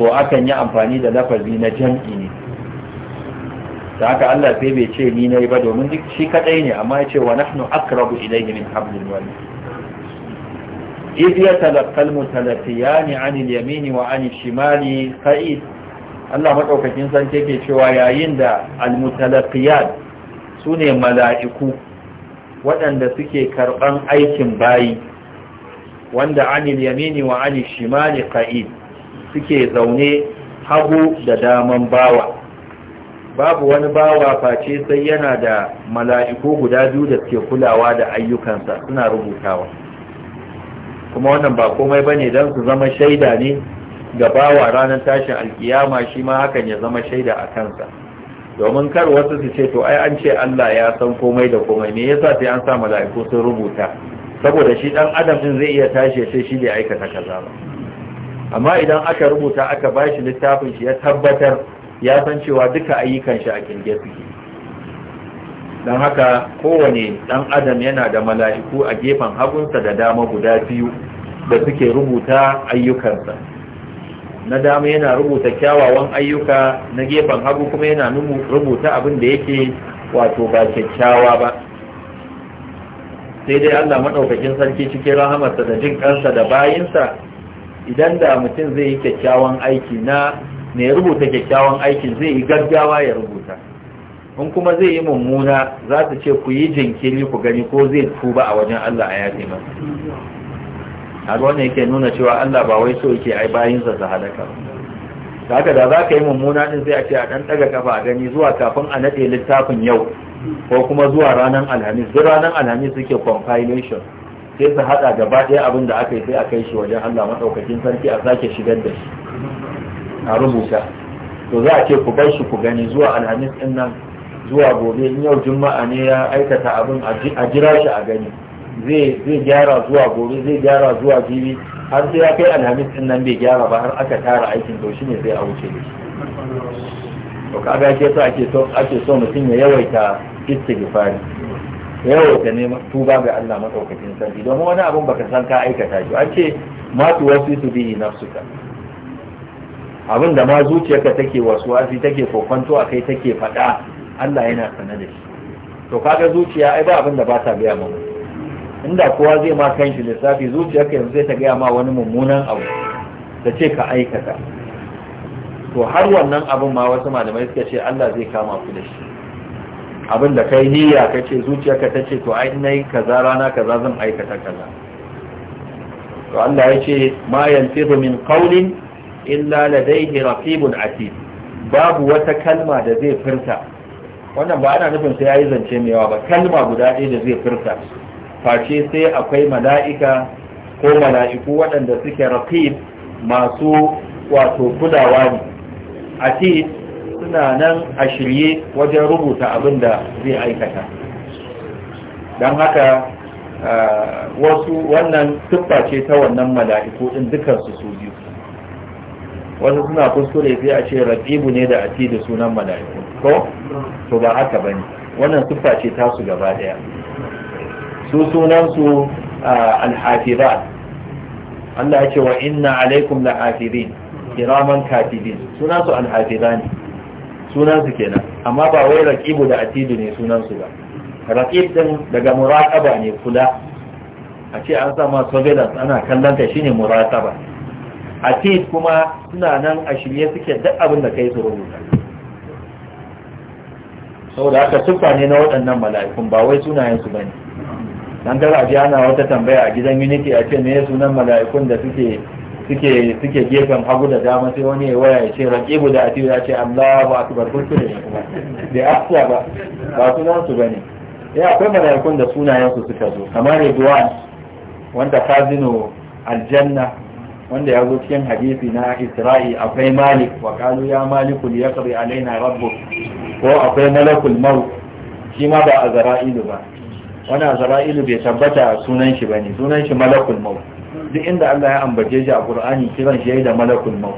to akan yi amfani da lafazi na jam'i ne da haka Allah sai bai ce ni nayi ba domin duk shi kaɗai ne amma ya ce wa nahnu aqrabu ilayhi min hablil warid idh yatalaqqa al-mutalaqqiyan 'an al-yamini wa 'an shimali qa'id Allah madaukakin san yake cewa yayin da al-mutalaqqiyan sune mala'iku waɗanda suke karban aikin bayi wanda 'an al-yamini wa 'an shimali qa'id suke zaune hagu da daman bawa babu wani bawa face sai yana da mala'iku guda biyu da suke kulawa da ayyukansa suna rubutawa kuma wannan ba komai bane don su zama shaida ne ga bawa ranar tashin alkiyama shi ma hakan ya zama shaida a kansa domin kar wasu su ce to ai an ce Allah ya san komai da komai me yasa sai an sa mala'iku sun rubuta saboda shi dan adam din zai iya tashi sai shi bai aikata kaza ba amma idan aka rubuta aka bashi littafin shi ya tabbatar ya san cewa duka ayyukan shi a kirge suke don haka kowane dan adam yana da mala'iku a gefen hagunsa da dama guda biyu da suke rubuta ayyukansa na dama yana rubuta kyawawan ayyuka na gefen hagu kuma yana rubuta abin da yake wato ba kyakkyawa ba sai dai allah maɗaukakin sarki cikin rahamarsa da jin kansa da bayinsa idan da mutum zai yi kyakkyawan aiki na ne ya rubuta kyakkyawan aikin zai yi gaggawa ya rubuta in kuma zai yi mummuna za su ce ku yi jinkiri ku gani ko zai tuba a wajen Allah a yafe masu har wannan yake nuna cewa Allah ba wai so yake ai sa su halaka ba haka da za ka yi mummuna din zai a ce a ɗan ɗaga kafa a gani zuwa kafin a naɗe littafin yau ko kuma zuwa ranar alhamis duk ranar alhamis suke compilation sai su haɗa gaba ɗaya abin da aka yi sai a kai shi wajen Allah maɗaukakin sarki a sake shigar da shi a rubuta to za a ce ku bar shi ku gani zuwa alhamis din nan zuwa gobe in yau juma'a ne ya aikata abin a jira shi a gani zai gyara zuwa gobe zai gyara zuwa jibi har sai ya kai alhamis din nan bai gyara ba har aka tara aikin to shine zai a wuce da shi to kaga so ake so ake so mutum ya yawaita istighfari yawaita ne tuba ga Allah madaukakin sarki domin wani abun baka san ka aikata shi an ce ma tuwasitu bihi nafsuka abin da ma zuciyarka take wasuwasi take kokwanto a kai take faɗa Allah yana sane da shi to kaga zuciya ai ba abin da ba ta gaya ma inda kowa zai ma kan shi lissafi zuciyarka yanzu zai ta gaya ma wani mummunan abu da ce ka aikata to har wannan abin ma wasu malamai suka ce Allah zai kama ku da shi abin da kai niyya ka ce zuciyarka ta ce to ai na yi kaza rana kaza zan aikata kaza to Allah ya ce ma yantidu min qawlin illa ladaihi raqibun atid babu wata kalma da zai furta wannan ba ana nufin sai yayi zance mai yawa ba kalma guda ɗaya da zai furta face sai akwai mala'ika ko mala'iku waɗanda suke raqib masu wato kulawa ne atid suna nan a shirye wajen rubuta abin da zai aikata don haka ah, wasu wannan tuffa ce ta wannan mala'iku ɗin dukansu su biyu wasu suna kuskure sai a ce raqibu ne da ati da sunan mala'iku ko to ba haka bane wannan siffa ce ta su gaba ɗaya. su sunan su al Allah ya ce wa inna alaikum lahafizin kiraman katibin sunan su al-hafizani sunan su kenan amma ba wai raqibu da atidu ne sunan su ba raqib din daga muraqaba ne kula a ce an sa ma surveillance ana kallon ka shine muraqaba atid kuma suna nan a shirye suke duk abin da kai su rubuta saboda aka siffa ne na waɗannan mala'ikun ba wai sunayen su bane dan gara a ji ana wata tambaya a gidan unity a ce ne sunan mala'ikun da suke suke suke gefen hagu da dama sai wani ya waya ya ce raqibu da atid ya ce Allahu akbar kullu ne kuma Bai afsa ba ba sunan su bane ya eh, akwai mala'ikun da sunayen su suka zo kamar Ridwan wanda Kazino aljanna wanda ya zo cikin hadisi na isra'i akwai malik wa kalu ya maliku li yaqdi alaina rabbuk ko akwai malakul maut shi ma ba azra'ilu ba wani azra'ilu bai tabbata sunan shi bane sunan shi malakul maut duk inda Allah ya ambace shi a Qur'ani kiran shi da malakul maut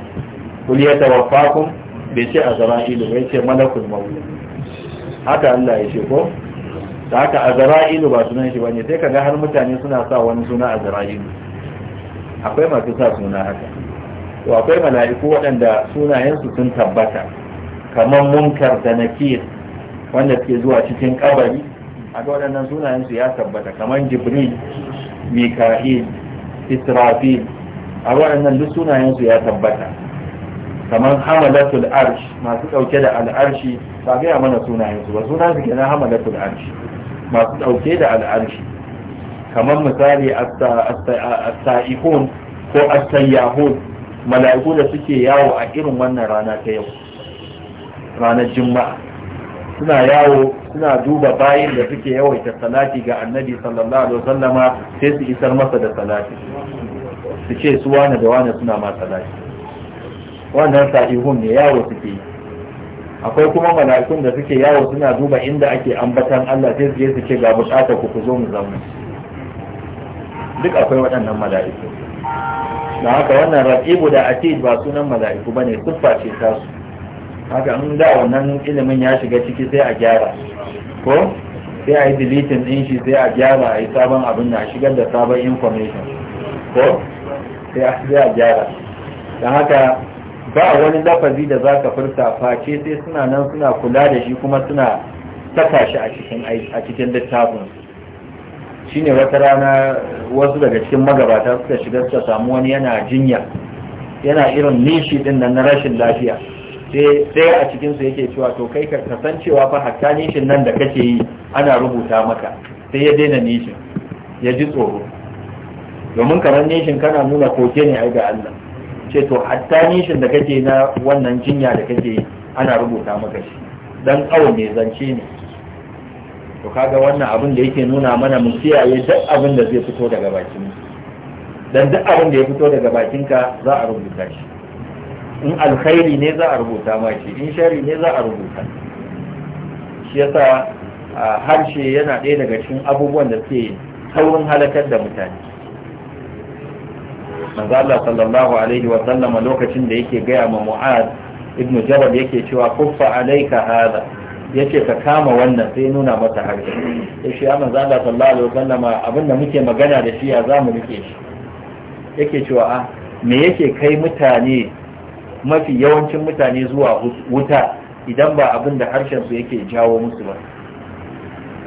kul yatawaffakum bai ce azra'ilu bai ce malakul maut haka Allah ya ce ko da haka azra'ilu ba sunan shi bane sai kaga har mutane suna sa wani suna azra'ilu akwai masu sa suna haka to akwai mala'iku waɗanda sunayensu sun tabbata kamar munkar da nakir wanda suke zuwa cikin kabari a ga waɗannan sunayensu ya tabbata kamar jibril mika'il israfil a waɗannan duk sunayensu ya tabbata kamar hamalatul arsh masu ɗauke da al'arshi ba gaya mana sunayensu ba sunan su kenan hamalatul arsh masu ɗauke da al'arshi kamar misali a saihun ko a sayyahun mala'iku da suke yawo a irin wannan rana ta yau ranar juma'a suna yawo suna duba bayin da suke yawaita salati ga annabi sallallahu alaihi wasallama sai su isar masa da salati su ce su wane da wane suna ma salati wannan sa'ihun ne yawo suke yi akwai kuma mala'ikun da suke yawo suna duba inda ake ambatan Allah sai su je su ce ga bukata ku ku zo mu zama duk akwai waɗannan mala'iku da haka wannan raƙibu da atid ba sunan mala'iku bane siffa ce ta su haka in da wannan ilimin ya shiga ciki sai a gyara ko sai a yi dilitin din shi sai a gyara a yi sabon abin da a shigar da sabon information ko sai a gyara don haka ba wani lafazi da za ka furta face sai suna nan suna kula da shi kuma suna saka shi a cikin littafin shine wata rana wasu daga cikin magabata suka shiga suka samu wani yana jinya yana irin nishi din nan na rashin lafiya sai a a cikinsu yake cewa to kai ka kasancewa fa hatta nishin nan da kake yi ana rubuta maka sai ya daina nishin ya ji tsoro domin kamar nishin kana nuna koke ne ai ga Allah ce to hatta nishin da kake na wannan jinya da kake yi ana rubuta maka shi dan tsawo mai zance ne to kaga wannan abin da yake nuna mana mu kiyaye duk abin da zai fito daga bakin dan duk abin da ya fito daga bakinka za a rubuta shi in alkhairi ne za a rubuta ma shi in shari ne za a rubuta shi yasa harshe yana ɗaya daga cikin abubuwan da suke taurin halakar da mutane manzo Allah sallallahu alaihi wa sallama lokacin da yake gaya ma Mu'ad ibn Jabal yake cewa kuffa alayka hadha ce ka kama wannan sai nuna masa harshe yace ya za da sallallahu alaihi wasallam abin da muke magana da shi ya zamu rike shi yake cewa a ah, me yake kai mutane mafi yawancin mutane zuwa wuta idan ba abin da harshen su yake jawo musu ba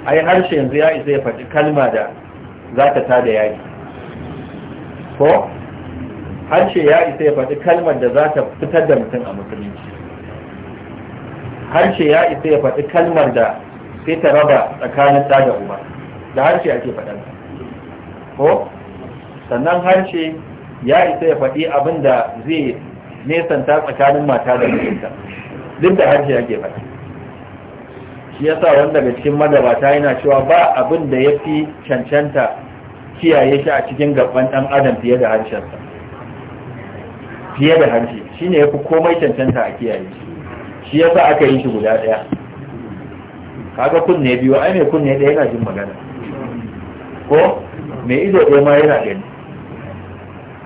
ai harshen yanzu ya isa ya faɗi kalma da za ta tada yaki ko harshe ya isa ya faɗi kalmar da za ta fitar da mutum a musulunci harshe ya isa ya faɗi kalmar da sai ta raba tsakanin ɗa da uba da harshe ake faɗan ko sannan harshe ya isa ya faɗi abin da zai nesanta tsakanin mata da mijinta duk da harshe ake faɗa shi ya sa wani daga cikin magabata yana cewa ba abin da ya fi cancanta kiyaye shi a cikin gaban ɗan adam fiye da harshensa fiye da harshe shine ya fi komai cancanta a kiyaye shi shi ya sa aka yi shi guda daya kaga kunne biyu ai mai kunne daya yana jin magana ko mai ido ɗaya ma yana gani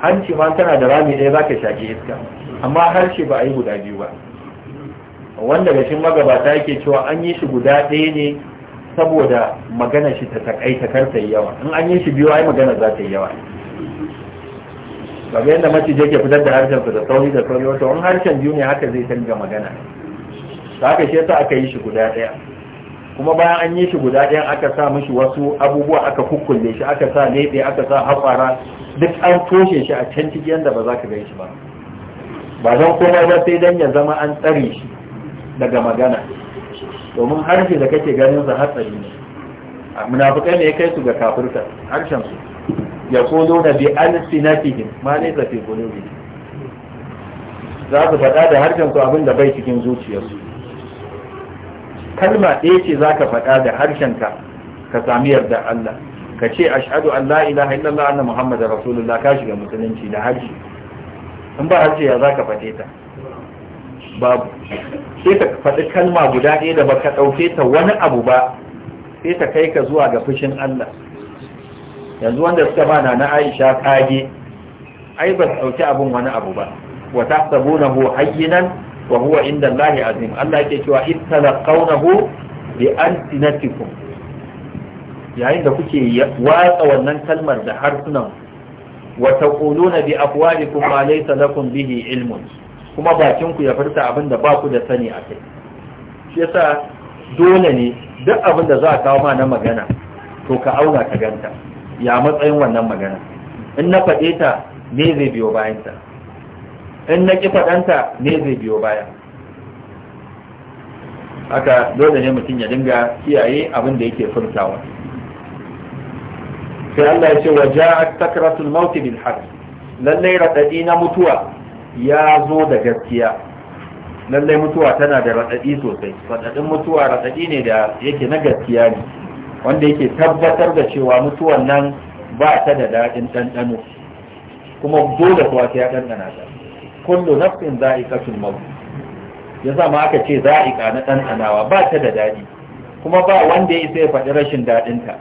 hanci ma tana da rami ɗaya zaka shaƙi iska amma harshe ba a yi guda biyu ba wanda gashin magabata yake cewa an yi shi guda ɗaya ne saboda magana shi ta takaita kar ta yi yawa in an yi shi biyu ai magana za ta yi yawa ba ga yadda macije ke fitar da harshen da sauri da sauri wato in harshen biyu ne haka zai canza magana haka shi yasa aka yi shi guda ɗaya kuma bayan an yi shi guda ɗaya aka sa mishi wasu abubuwa aka kukkulle shi aka sa leɓe aka sa haƙwara duk an toshe shi a can ciki yadda ba za ka gani shi ba ba don komai ba sai dan ya zama an tsare shi daga magana domin harshe da kake ganin sa hatsari ne munafikai ne ya kai su ga kafirta harshen su ya kolo da bi alsinatihim ma ne tafi kulubi za su faɗa da harshen su abinda bai cikin zuciyarsu kalma ɗaya ce za ka faɗa da harshenka ka sami yarda Allah ka ce ashhadu an la ilaha illallah anna muhammadu rasulullah ka shiga musulunci da harshe in ba harshe ya za ka faɗe ta babu sai ka faɗi kalma guda ɗaya da baka ɗauke ta wani abu ba sai ta kai ka zuwa ga fushin Allah yanzu wanda suka ba na Aisha kage ai ba ɗauki abin wani abu ba wa tahsabunahu hayyinan wa huwa inda Allah azim Allah yake cewa ittalaqawnahu bi antinatikum yayin da kuke watsa wannan kalmar da harsunan wa taquluna bi afwahikum ma laysa lakum bihi ilmun kuma bakin ku ya furta abin da ba ku da sani akai shi yasa dole ne duk abin da za a kawo ma na magana to ka auna ka ganta ya matsayin wannan magana in na faɗe ta me zai biyo bayan ta in na kifa faɗanta ne zai biyo baya haka dole ne mutum ya dinga kiyaye abin da yake furtawa sai Allah ya ce wa ja'at takratul maut bil haqq lalle radadi na mutuwa ya zo da gaskiya lalle mutuwa tana da radadi sosai radadin mutuwa radadi ne da yake na gaskiya ne wanda yake tabbatar da cewa mutuwan nan ba ta da daɗin ɗanɗano. kuma dole kuwa sai ya ɗanɗana ta kullu nafsin za'iqatul maut ya zama aka ce za'iqa na ɗanɗanawa ba ta da daɗi kuma ba wanda ya isa ya faɗi rashin daɗinta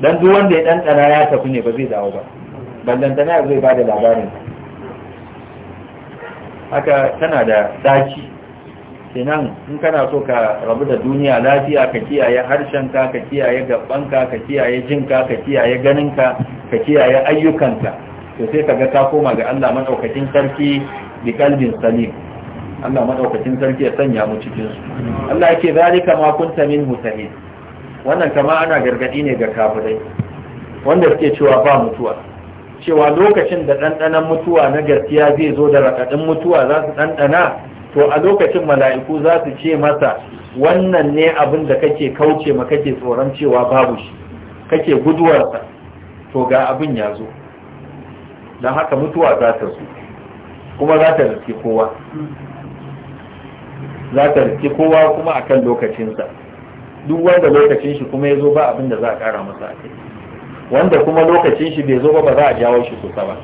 dan duk wanda ya ɗanɗana ya tafi ne ba zai dawo ba ballantana zai ba da labarin haka tana da daci kenan in kana so ka rabu da duniya lafiya ka kiyaye harshenka ka kiyaye gabban ka kiyaye jinka ka kiyaye ganinka ka kiyaye ayyukanka to sai kaga ta koma ga Allah madaukakin sarki bi kalbin salim Allah madaukakin sarki ya sanya mu cikin su Allah yake zalika ma kunta min mutahid wannan kama ana gargadi ne ga kafirai wanda suke cewa ba mutuwa cewa lokacin da dandanan mutuwa na gaskiya zai zo da rakadin mutuwa za su ɗanɗana to a lokacin mala'iku za su ce masa wannan ne abin da kake kauce ma kake tsoron cewa babu shi kake guduwarsa to ga abin ya zo don haka mutuwa za ta su kuma za ta riske kowa za ta riske kowa kuma akan lokacinsa duk wanda lokacin shi kuma ya zo ba abin da za a kara masa a kai wanda kuma lokacin shi bai zo ba ba za a jawo shi kusa ba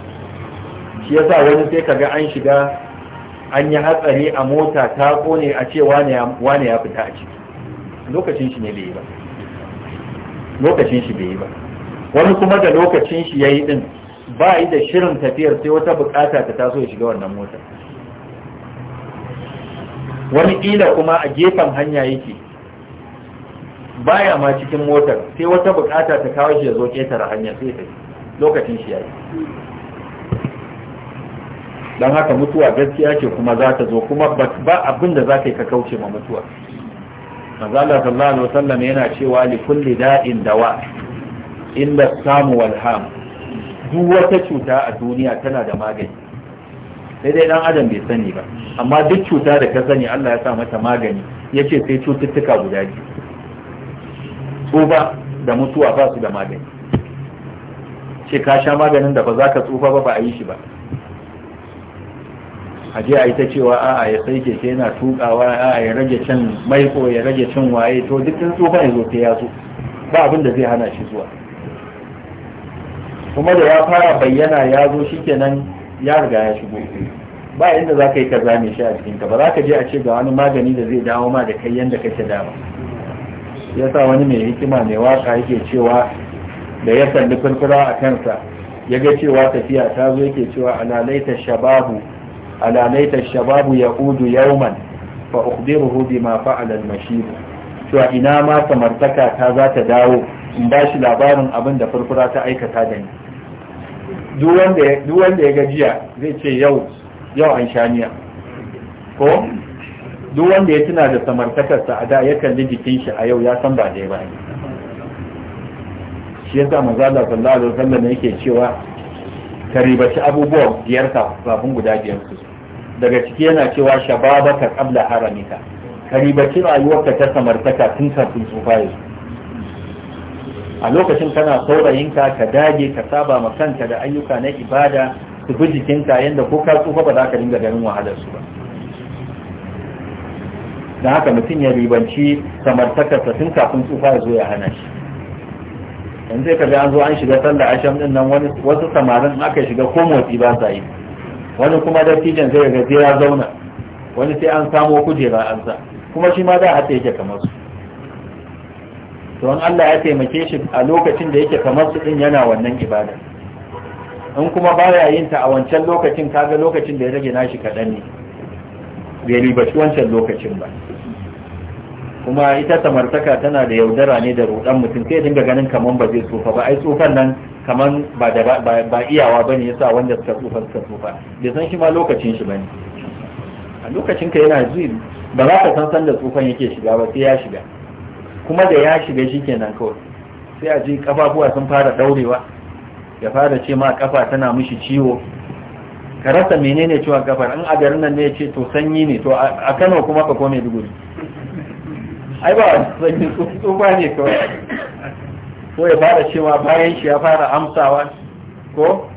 shi yasa wani sai kaga an shiga an yi hatsari a mota ta kone a ce wane ya fita a ciki lokacin shi ne bai yi ba lokacin shi bai yi ba wani kuma da lokacin shi ya yi din ba yi da shirin tafiyar sai wata bukata ta taso ya shiga wannan motar wani ƙila kuma a gefen hanya yake Ba ya ma cikin motar sai wata bukata ta kawo shi ya zo ƙetare hanya sai ta lokacin shi ya yi don haka mutuwa gaskiya ce kuma za ta zo kuma ba abin da za ka yi ka kauce ma mutuwa mazala sallallahu alaihi wasallam yana cewa li kulli da'in dawa illa samu wal ham duk wata cuta a duniya tana da magani sai dai dan adam bai sani ba amma duk cuta da ka sani Allah ya sa mata magani yace sai cututtuka guda biyu tsufa da mutuwa ba su da magani ce ka sha maganin da ba za ka tsufa ba ba a yi shi ba a je a yi ta cewa a'a ya sai keke yana tukawa a'a ya rage cin maiko ya rage cin waye to dukkan tsufa ya zo ya zo ba abin da zai hana shi zuwa kuma da ya fara bayyana ya zo shi shikenan ya riga ya shigo ba inda za ka yi kaza ne shi a ka ba za ka je a ce ga wani magani da zai dawo ma da kai yadda kake dama ya sa wani mai hikima mai waka yake cewa da ya salli furfura a kansa ya ga cewa tafiya ta zo yake cewa alalaita shababu alalaita shababu ya udu yauman fa ukhbiruhu bima fa'ala al-mashib cewa ina ma samartaka ta za ta dawo in ba shi labarin abin da furfura ta aikata da ni duk wanda ya gajiya zai ce yau yau an shaniya ko duk wanda ya tuna da samartakarsa a da ya kalli jikin shi a yau ya san ba ya ba shi ya sa mazala sallallahu alaihi wasallam yake cewa ka ribaci abubuwan biyar babun guda biyar su daga ciki yana cewa shababa ka qabla haramika ka ribaci rayuwarka ta samartaka tun kafin su fara a lokacin kana saurayinka ka dage ka saba ma kanka da ayyuka na ibada su bi jikinka yadda ko ka tsufa ba za ka dinga ganin wahalar su ba da haka mutum ya ribanci samartakarsa tun kafin tsufa ya zo ya hana shi yanzu sai ka ga an zo an shiga sallar asham din nan wasu samarin aka shiga ko motsi ba sa yi wani kuma dattijan zai ga ya zauna wani sai an samo kujera an sa kuma shi ma da hata yake kamar su to Allah ya taimake shi a lokacin da yake kamar su din yana wannan ibada in kuma baya yin ta a wancan lokacin kaga lokacin da ya rage nashi kaɗan ne bai ribaci wancan lokacin ba kuma ita samartaka tana da yaudara ne da rudan mutum sai dinga ganin kaman ba zai tsufa ba ai tsufan nan kaman ba da ba iyawa bane yasa wanda suka tsufa suka tsufa bai san shi ma lokacin shi bane a lokacin ka yana zuwa ba za ka san sanda da tsufan yake shiga ba sai ya shiga kuma da ya shiga shi kenan kawai sai a ji kafafuwa sun fara daurewa ya fara ce ma kafa tana mishi ciwo ka rasa menene ciwon kafa in a garin nan ne ce to sanyi ne to a Kano kuma ka kome duguri ai ba sanyi tsufa ne kawai ko ya fara ma bayan shi ya fara amsawa ko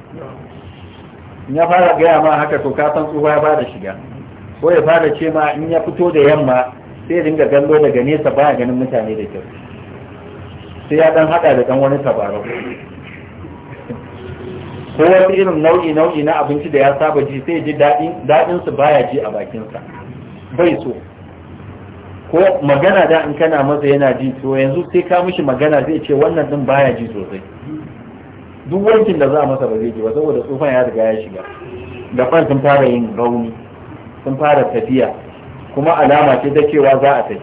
ya fara gaya ma haka to ka san tsufa ya fara shiga ko ya fara ce ma in ya fito da yamma sai dinga gallo daga nesa baya ganin mutane da kyau sai ya dan hada da dan wani tabarau ko wasu irin nau'i nau'i na abinci da ya saba ji sai ji daɗin su baya ji a bakinsa bai so ko magana da in kana masa yana ji to yanzu sai ka mishi magana zai ce wannan din baya ji sosai duk wankin da za a masa ba zai ji ba saboda tsufan ya riga ya shiga da fan sun fara yin rauni sun fara tafiya kuma alama ce ta cewa za a tafi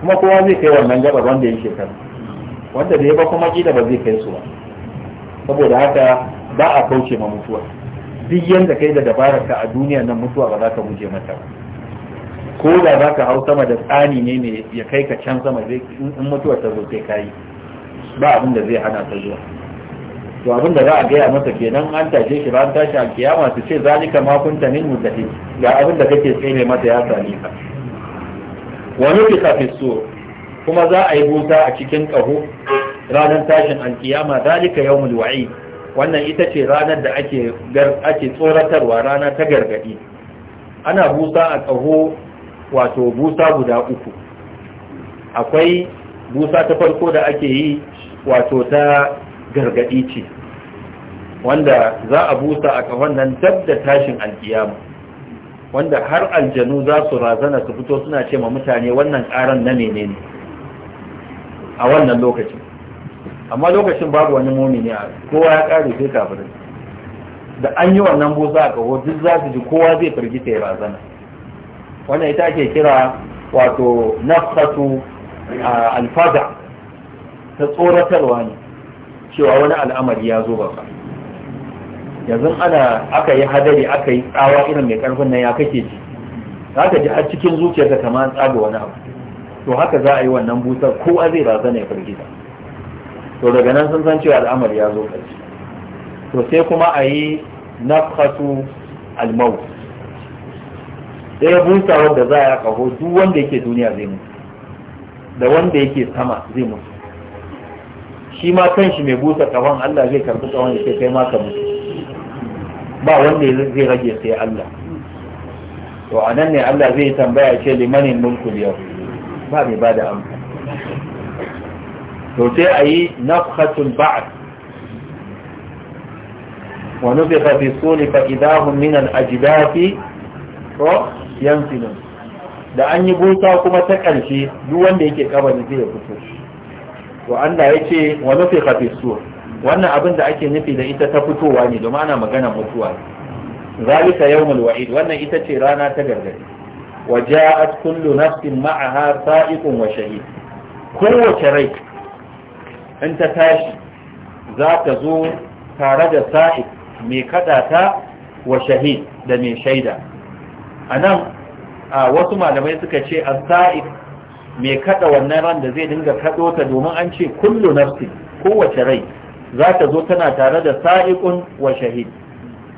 kuma kowa zai kai wannan gaba wanda ya shekar wanda da ya ba kuma kila ba zai kai su ba saboda haka ba a kauce ma mutuwa duk yanda kai da dabarar ka a duniya nan mutuwa ba za ka guje mata ba ko da za ka hau sama da tsani ne ne ya kai ka can sama in mutuwa ta zo kai kayi ba abin da zai hana ta zuwa to abin da za a gaya masa kenan an tashe shi ran tashi a kiyama su ce zalika ma kunta min mutafi ga abin da kake tsene mata ya sami ka wani nufiqa so kuma za a yi busa a cikin ƙaho ranar tashin alkiyama zalika mu wa'id wannan ita ce ranar da ake ake tsoratarwa rana ta gargaɗi ana busa a ƙaho wato busa guda uku akwai busa ta farko da ake yi wato ta Gargaɗi ce wanda za a busa a kafan nan dab da tashin alkiyama wanda har aljanu za su razana su fito suna ce ma mutane wannan karan na ne a wannan lokacin amma lokacin babu wani mumini a kowa ya kare sai kafirin da an yi wannan busa a kaho duk za su ji kowa zai firgita ya razana wannan ita ake kira wato nafsatu alfada ta tsoratarwa ne cewa wani al'amari ya zo baka yanzu ana aka yi hadari aka yi tsawa irin mai karfin nan ya kake ji zaka ji a cikin zuciyarka kamar an tsaga wani abu to haka za a yi wannan busar kowa zai raza ne firgita to daga nan sun san cewa al'amari ya zo ƙarshe to sai kuma a yi nafkatu almau. ɗaya busa wanda za a kaho duk wanda yake duniya zai mutu da wanda yake sama zai mutu shi ma kanshi mai busa kafan Allah zai karbi tsawon ya kai ma ka mutu ba wanda zai rage sai Allah to a nan ne Allah zai tambaya ce limanin mulku yau ba mai ba da amsa to sai a yi nafhatul ba'd wa nufiqa fi suli fa idahum min al ajdafi ko yansilun da an yi busa kuma ta ƙarshe duk wanda yake kabari zai fito to Allah ya ce wa nufi sur wannan abin da ake nufi da ita ta fitowa ne domin ana magana mutuwa zalika yawmul wa'id wannan ita ce rana ta gargadi wa ja'at kullu nafsin ma'aha sa'iqun wa shahid kowace rai in ta tashi za ta zo tare da sa'iq mai kadata wa shahid da mai shaida anan wasu malamai suka ce as-sa'iq mai kada wannan ran da zai dinga kado ta domin an ce kullu nafsi kowace rai za ta zo tana tare da sa'iqun wa shahid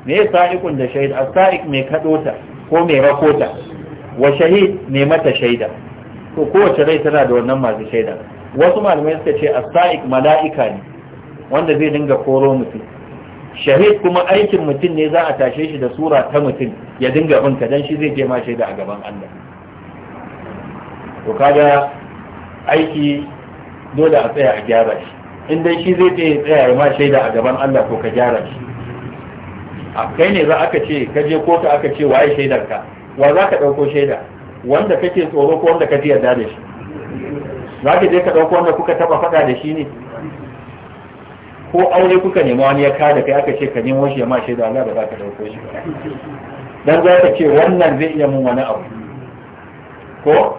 me sa'iqun da shahid A saiq mai kado ta ko mai ta wa shahid mai mata shaida to kowace rai tana da wannan masu shaida wasu malamai suka ce a saiq mala'ika ne wanda zai dinga koro mutum shahid kuma aikin mutum ne za a tashe shi da sura ta mutum ya dinga binka dan shi zai je ma shaida a gaban Allah to kaga aiki dole a tsaya a gyara shi in dai shi zai tsaye tsaya ya ma shaida a gaban Allah ko ka gyara shi a kai ne za aka ce ka je ko ka aka ce waye shaidar ka wa za ka ɗauko shaida wanda kake tsoro ko wanda kake yarda da shi za ka je ka ɗauko wanda kuka taɓa faɗa da shi ne ko aure kuka nema wani ya kada kai aka ce ka nemo shi ya ma shaida Allah ba za ka ɗauko shi dan za ka ce wannan zai iya mun wani abu ko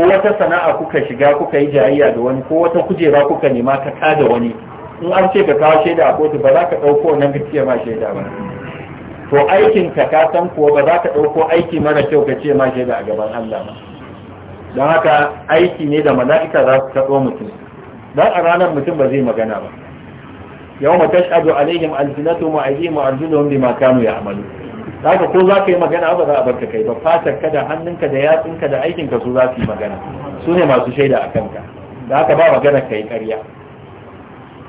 ko wata sana'a kuka shiga kuka yi jayayya da wani ko wata kujera kuka nema ka kada wani in an ce ka kawo shaida a kotu ba za ka ɗauko wannan gaskiya ma shaida ba to aikin ka ka san kuwa ba za ka ɗauko aiki mara kyau ka ce ma shaida a gaban Allah ba don haka aiki ne da mala'ika za su taɓo mutum Dan a ranar mutum ba zai magana ba yau ma tashhadu alaihim alfinatu wa aydihim wa arjuluhum bima kanu ya'malu zaka ko za ka yi magana ba za a barka kai ba fatar ka da hannunka da yatsunka da aikinka su za su yi magana su ne masu shaida a kanka da haka ba magana ka yi karya.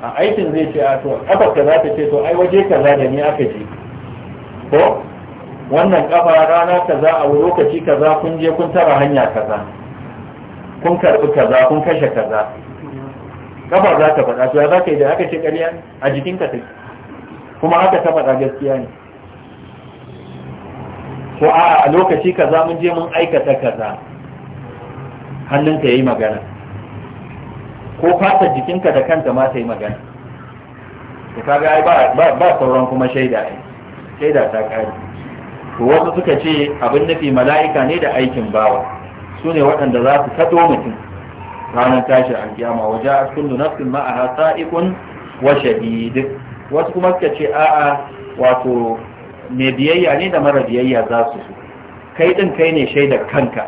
a aikin zai ce a to kafar ka za ta ce to ai waje kaza da ni aka je ko wannan kafa rana kaza a lokaci kaza kun je kun tara hanya kaza kun karbi kaza kun kashe kaza kafa za ta faɗa to ya za ka yi da aka ce karya a jikinka ta kuma haka ta faɗa gaskiya ne ko a lokaci kaza mun je mun aikata kaza hannunka ya yi magana ko fata jikinka da kanta ma ta yi magana da kaga ai ba sauran kuma shaida ai shaida ta kare to wasu suka ce abin nufi mala'ika ne da aikin bawa su ne waɗanda za su taɗo mutum ranar tashi a kiyama waje a kullu nafsin ma'aha sa'ikun wa shadid wasu kuma suka ce a'a wato mai biyayya ne da mara biyayya za su su kai ɗin kai ne shaida kanka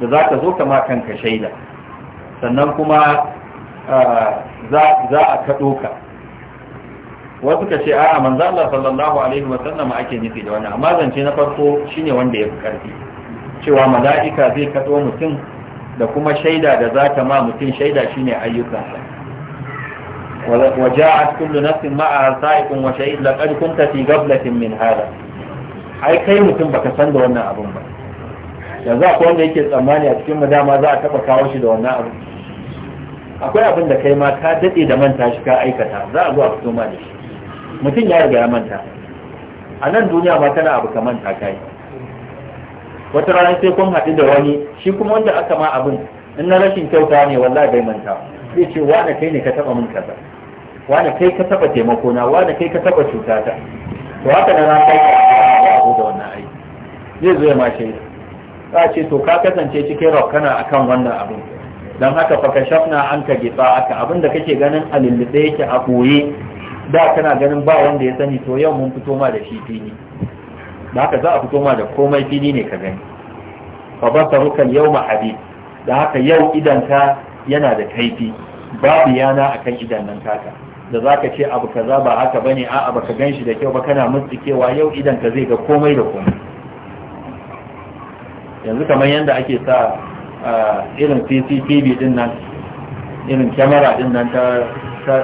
da za ka zo kama kanka shaida sannan kuma za a kaɗo ka wasu ka ce a'a manzo Allah sallallahu alaihi wasallam ake nufi da wani. amma zance na farko shine wanda ya fi karfi cewa mala'ika zai kaɗo mutum da kuma shaida da za ta ma mutum shaida shine ayyukansa وجاءت كل نفس معها سائق وشهيد لقد كنت في غفلة من هذا ai kai mutum baka san da wannan abun ba yanzu akwai wanda yake tsammani a cikin dama za a taba kawo shi da wannan abu akwai abin kai ma ka dade da manta shi ka aikata za a zo a fito ma da mutum ya riga ya manta a nan duniya ma tana abu ka manta kai wata rana sai kun haɗu da wani shi kuma wanda aka ma abin in na rashin kyauta ne wallahi bai manta zai ce wa da kai ne ka taba min kaza wani kai ka taba taimako na wani kai ka taba cuta ta to haka na ran kai zo da wannan aiki zai zo ya ma shaida za ce to ka kasance cikin kana akan wannan abin dan haka fa ka anka aka abinda kake ganin a yake a boye da kana ganin ba wanda ya sani to yau mun fito ma da shi fili da haka za a fito ma da komai fili ne ka gani fa yau yawma hadid da haka yau idan ka yana da kaifi babu yana akan idan nan da za ka ce abu kaza ba haka bane a'a baka shi da kyau ba kana mutsikewa yau idan ka zai ga komai da komai yanzu kamar yadda ake sa irin CCTV din nan irin kyamara din nan ta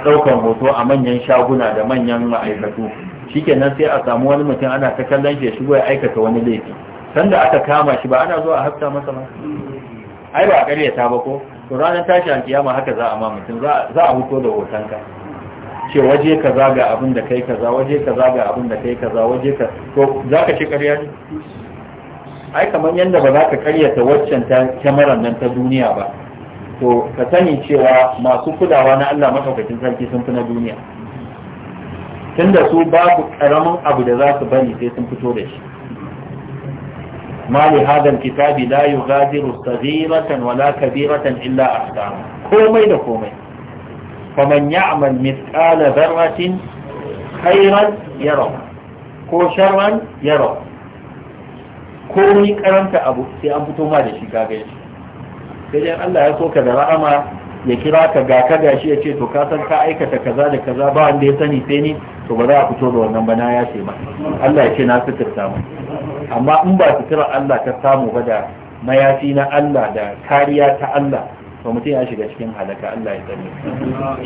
ɗaukar hoto a manyan shaguna da manyan ma'aikatu shikenan sai a samu wani mutum ana ta kallon shi ya shigo ya aikata wani laifi sanda aka kama shi ba ana zuwa a hafta masa ba ai ba a ƙaryata ba ko to ranar tashi kiyama haka za a ma mutum za a hutu da hotonka ce waje kaza ga abin da kai kaza waje kaza ga abin da kai kaza waje ka to za ka ce karya ne ai kamar yadda ba za ka karyata waccan ta kyamarar nan ta duniya ba to ka sani cewa masu kulawa na Allah maɗaukakin sarki sun fi na duniya tunda su babu ƙaramin abu da za su bari sai sun fito da shi mali li hadal kitabi la yughadiru saghiratan wala kabiratan illa ahsana komai da komai faman ya'mal mithqala dharratin khairan yara ko sharran yaro, ko ni karanta abu sai an fito ma da shi kaga shi sai dai Allah ya so ka da ra'ama ya kira ka ga ka gashi ya ce to ka san ka aikata kaza da kaza ba wanda ya sani sai ni to ba za a fito da wannan bana ya ce ma Allah ya ce na suturta ma. amma in ba suturar Allah ka samu ba da mayafi na Allah da kariya ta Allah to mutum ya shiga cikin halaka Allah ya tsare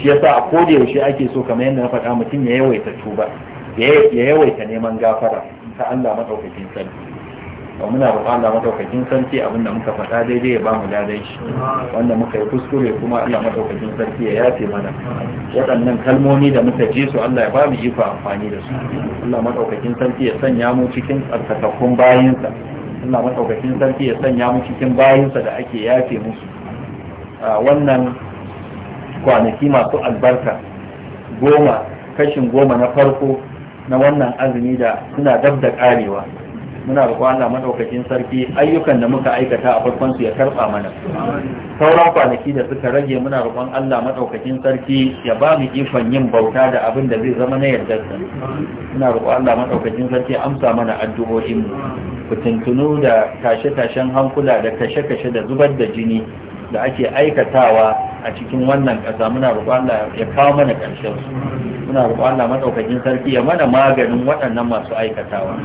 shi yasa a koda yaushe ake so kamar yadda na faɗa mutum ya yawaita tuba ya yawaita neman gafara ta Allah madaukakin sarki ba muna roƙon Allah madaukakin sarki abin da muka faɗa daidai ya bamu dadai shi wanda muka yi kuskure kuma Allah madaukakin sarki ya yafe mana waɗannan kalmomi da muka ji su Allah ya mu iko amfani da su Allah madaukakin sarki ya sanya mu cikin tsarkakakkun bayinsa Allah madaukakin sarki ya sanya mu cikin bayinsa da ake yafe musu A wannan kwanaki masu albarka goma kashin goma na farko na wannan azumi da suna dab da karewa muna da kwana madaukakin sarki ayyukan da muka aikata a farkon su ya karba mana sauran kwanaki da suka rage muna roƙon Allah madaukakin sarki ya ba mu ikon yin bauta da abin da zai zama na sa, muna roƙon Allah madaukakin sarki amsa mana addu'o'in mu tuntunu da tashe-tashen hankula da kashe-kashe da zubar da jini da ake aikatawa a cikin wannan ƙasa muna roƙo ya kawo mana ƙarshen su muna roƙo Allah sarki ya mana maganin waɗannan masu aikatawa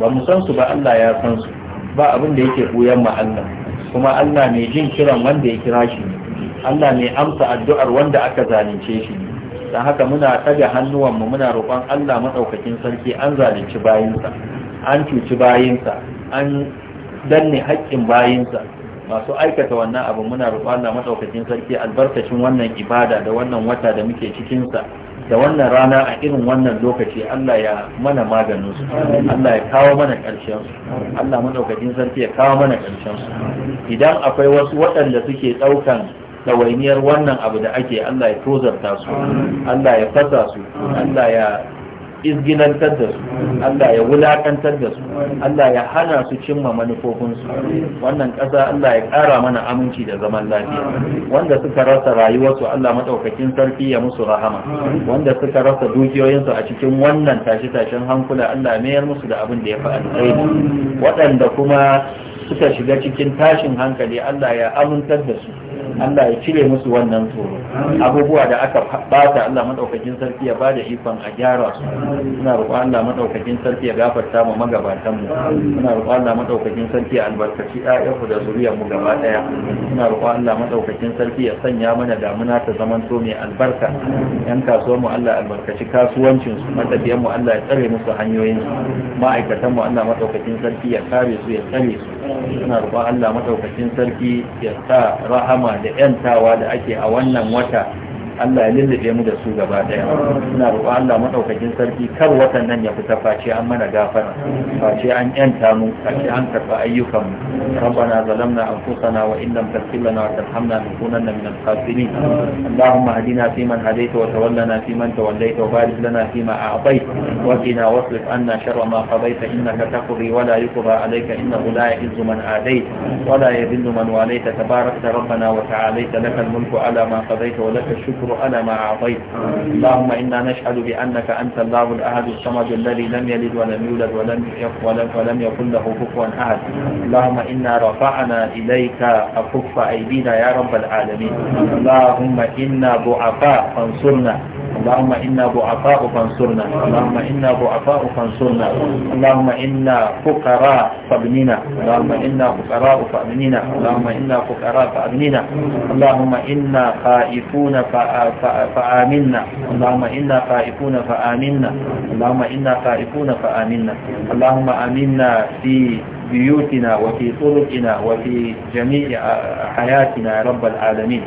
ba mu san su ba Allah ya san su ba abin da yake buyan ma Allah kuma Allah mai jin kiran wanda ya kira shi ne Allah mai amsa addu'ar wanda aka zalunce shi ne don haka muna ɗaga mu muna roƙon Allah maɗaukakin sarki an zalunci bayinsa an cuci bayinsa an danne haƙƙin bayinsa masu aikata wannan abu muna rufa Allah madaukakin sarki albarkacin wannan ibada da wannan wata da muke cikinsa. da wannan rana a irin wannan lokaci Allah ya mana maganin su Allah ya kawo mana ƙarshen su Allah madaukakin sarki ya kawo mana ƙarshen su idan akwai wasu waɗanda suke ɗaukan ɗawainiyar wannan abu da ake Allah ya tozarta su Allah ya fasa su Allah ya Izginantar da su Allah ya wulakantar da su Allah ya hana su cimma manufofinsu wannan ƙasa Allah ya ƙara mana aminci da zaman lafiya wanda suka rasa rayuwarsu Allah maɗaukakin sarki ya musu rahama wanda suka rasa dukiyoyinsu a cikin wannan tashe-tashen hankula Allah mayar musu da abin da ya fi alkhairi waɗanda kuma suka shiga cikin tashin hankali Allah ya amintar da su Allah ya cire musu wannan tsoro abubuwa da aka bata Allah madaukakin sarki ya bada ikon a gyara su muna roƙon Allah madaukakin sarki ya gafarta mu magabatan mu muna roƙon Allah madaukakin sarki ya albarkaci ƴaƴanku da zuriyar mu gaba daya muna roƙon Allah madaukakin sarki ya sanya mana damuna ta zaman to mai albarka yan kasuwar mu Allah albarkaci kasuwancin su matafiyan mu Allah ya tsare musu hanyoyin su ma'aikatan mu Allah madaukakin sarki ya kare su ya tsare su muna roƙon Allah madaukakin sarki ya sa rahama da yantawa da ake a wannan wata Allah ya lullube mu da su gaba daya ina roƙon Allah madaukakin sarki kar watan nan ya fita face an mana gafara face an yanta mu face an karba ayyukan mu rabbana zalamna anfusana wa in lam taghfir lana wa tarhamna lanakunanna min al-khasirin allahumma hadina fi man hadayta wa tawallana fi man tawallaita wa barik lana fi ma a'tayt wa qina wasrif anna sharra ma qadayta innaka taqdi wa la yuqda alayka innahu la yuzillu man adayt wa la yadhillu man walayta tabarakta rabbana wa ta'alayta laka al-mulku ala ma qadayta wa laka الشكر وأنا ما أعطيت اللهم إنا نشهد بأنك أنت الله الأحد الصمد الذي لم يلد ولم يولد ولم ولم ولم يكن له كفوا أحد اللهم إنا رفعنا إليك أكف أيدينا يا رب العالمين اللهم إنا ضعفاء فانصرنا اللهم إنا ضعفاء فانصرنا اللهم إنا ضعفاء فانصرنا اللهم إنا فقراء فابننا اللهم إنا فقراء فأبننا اللهم إنا فقراء فأبننا اللهم إنا خائفون فآمنا اللهم إنا خائفون فآمنا اللهم إنا خائفون فآمنا اللهم آمنا في بيوتنا وفي طرقنا وفي جميع حياتنا يا رب العالمين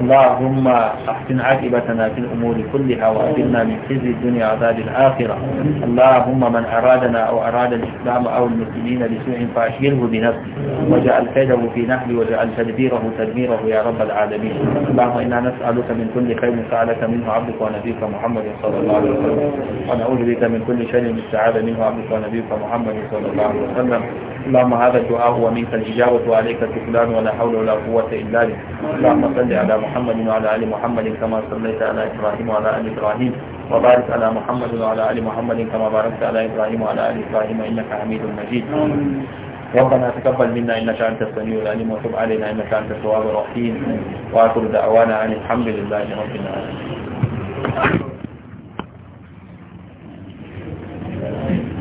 اللهم احسن عاقبتنا في الأمور كلها وأجرنا من خزي الدنيا عذاب الآخرة اللهم من أرادنا أو أراد الإسلام أو المسلمين بسوء فأشغله بنفسه واجعل كيده في نحله واجعل تدبيره تدميره يا رب العالمين اللهم إنا نسألك من كل خير سألك منه عبدك ونبيك محمد صلى الله عليه وسلم ونعوذ بك من كل شر استعاذ منه عبدك ونبيك محمد صلى الله عليه وسلم اللهم هذا الدعاء منك الإجابة وعليك الكفلان ولا حول ولا قوة إلا بك اللهم صل على محمد وعلى آل محمد كما صليت على إبراهيم وعلى آل إبراهيم وبارك على محمد وعلى آل محمد كما باركت على إبراهيم وعلى آل إبراهيم إنك حميد مجيد ربنا تقبل منا إنك أنت السميع العليم وتب علينا إنك أنت التواب الرحيم وآخر دعوانا أن الحمد لله رب العالمين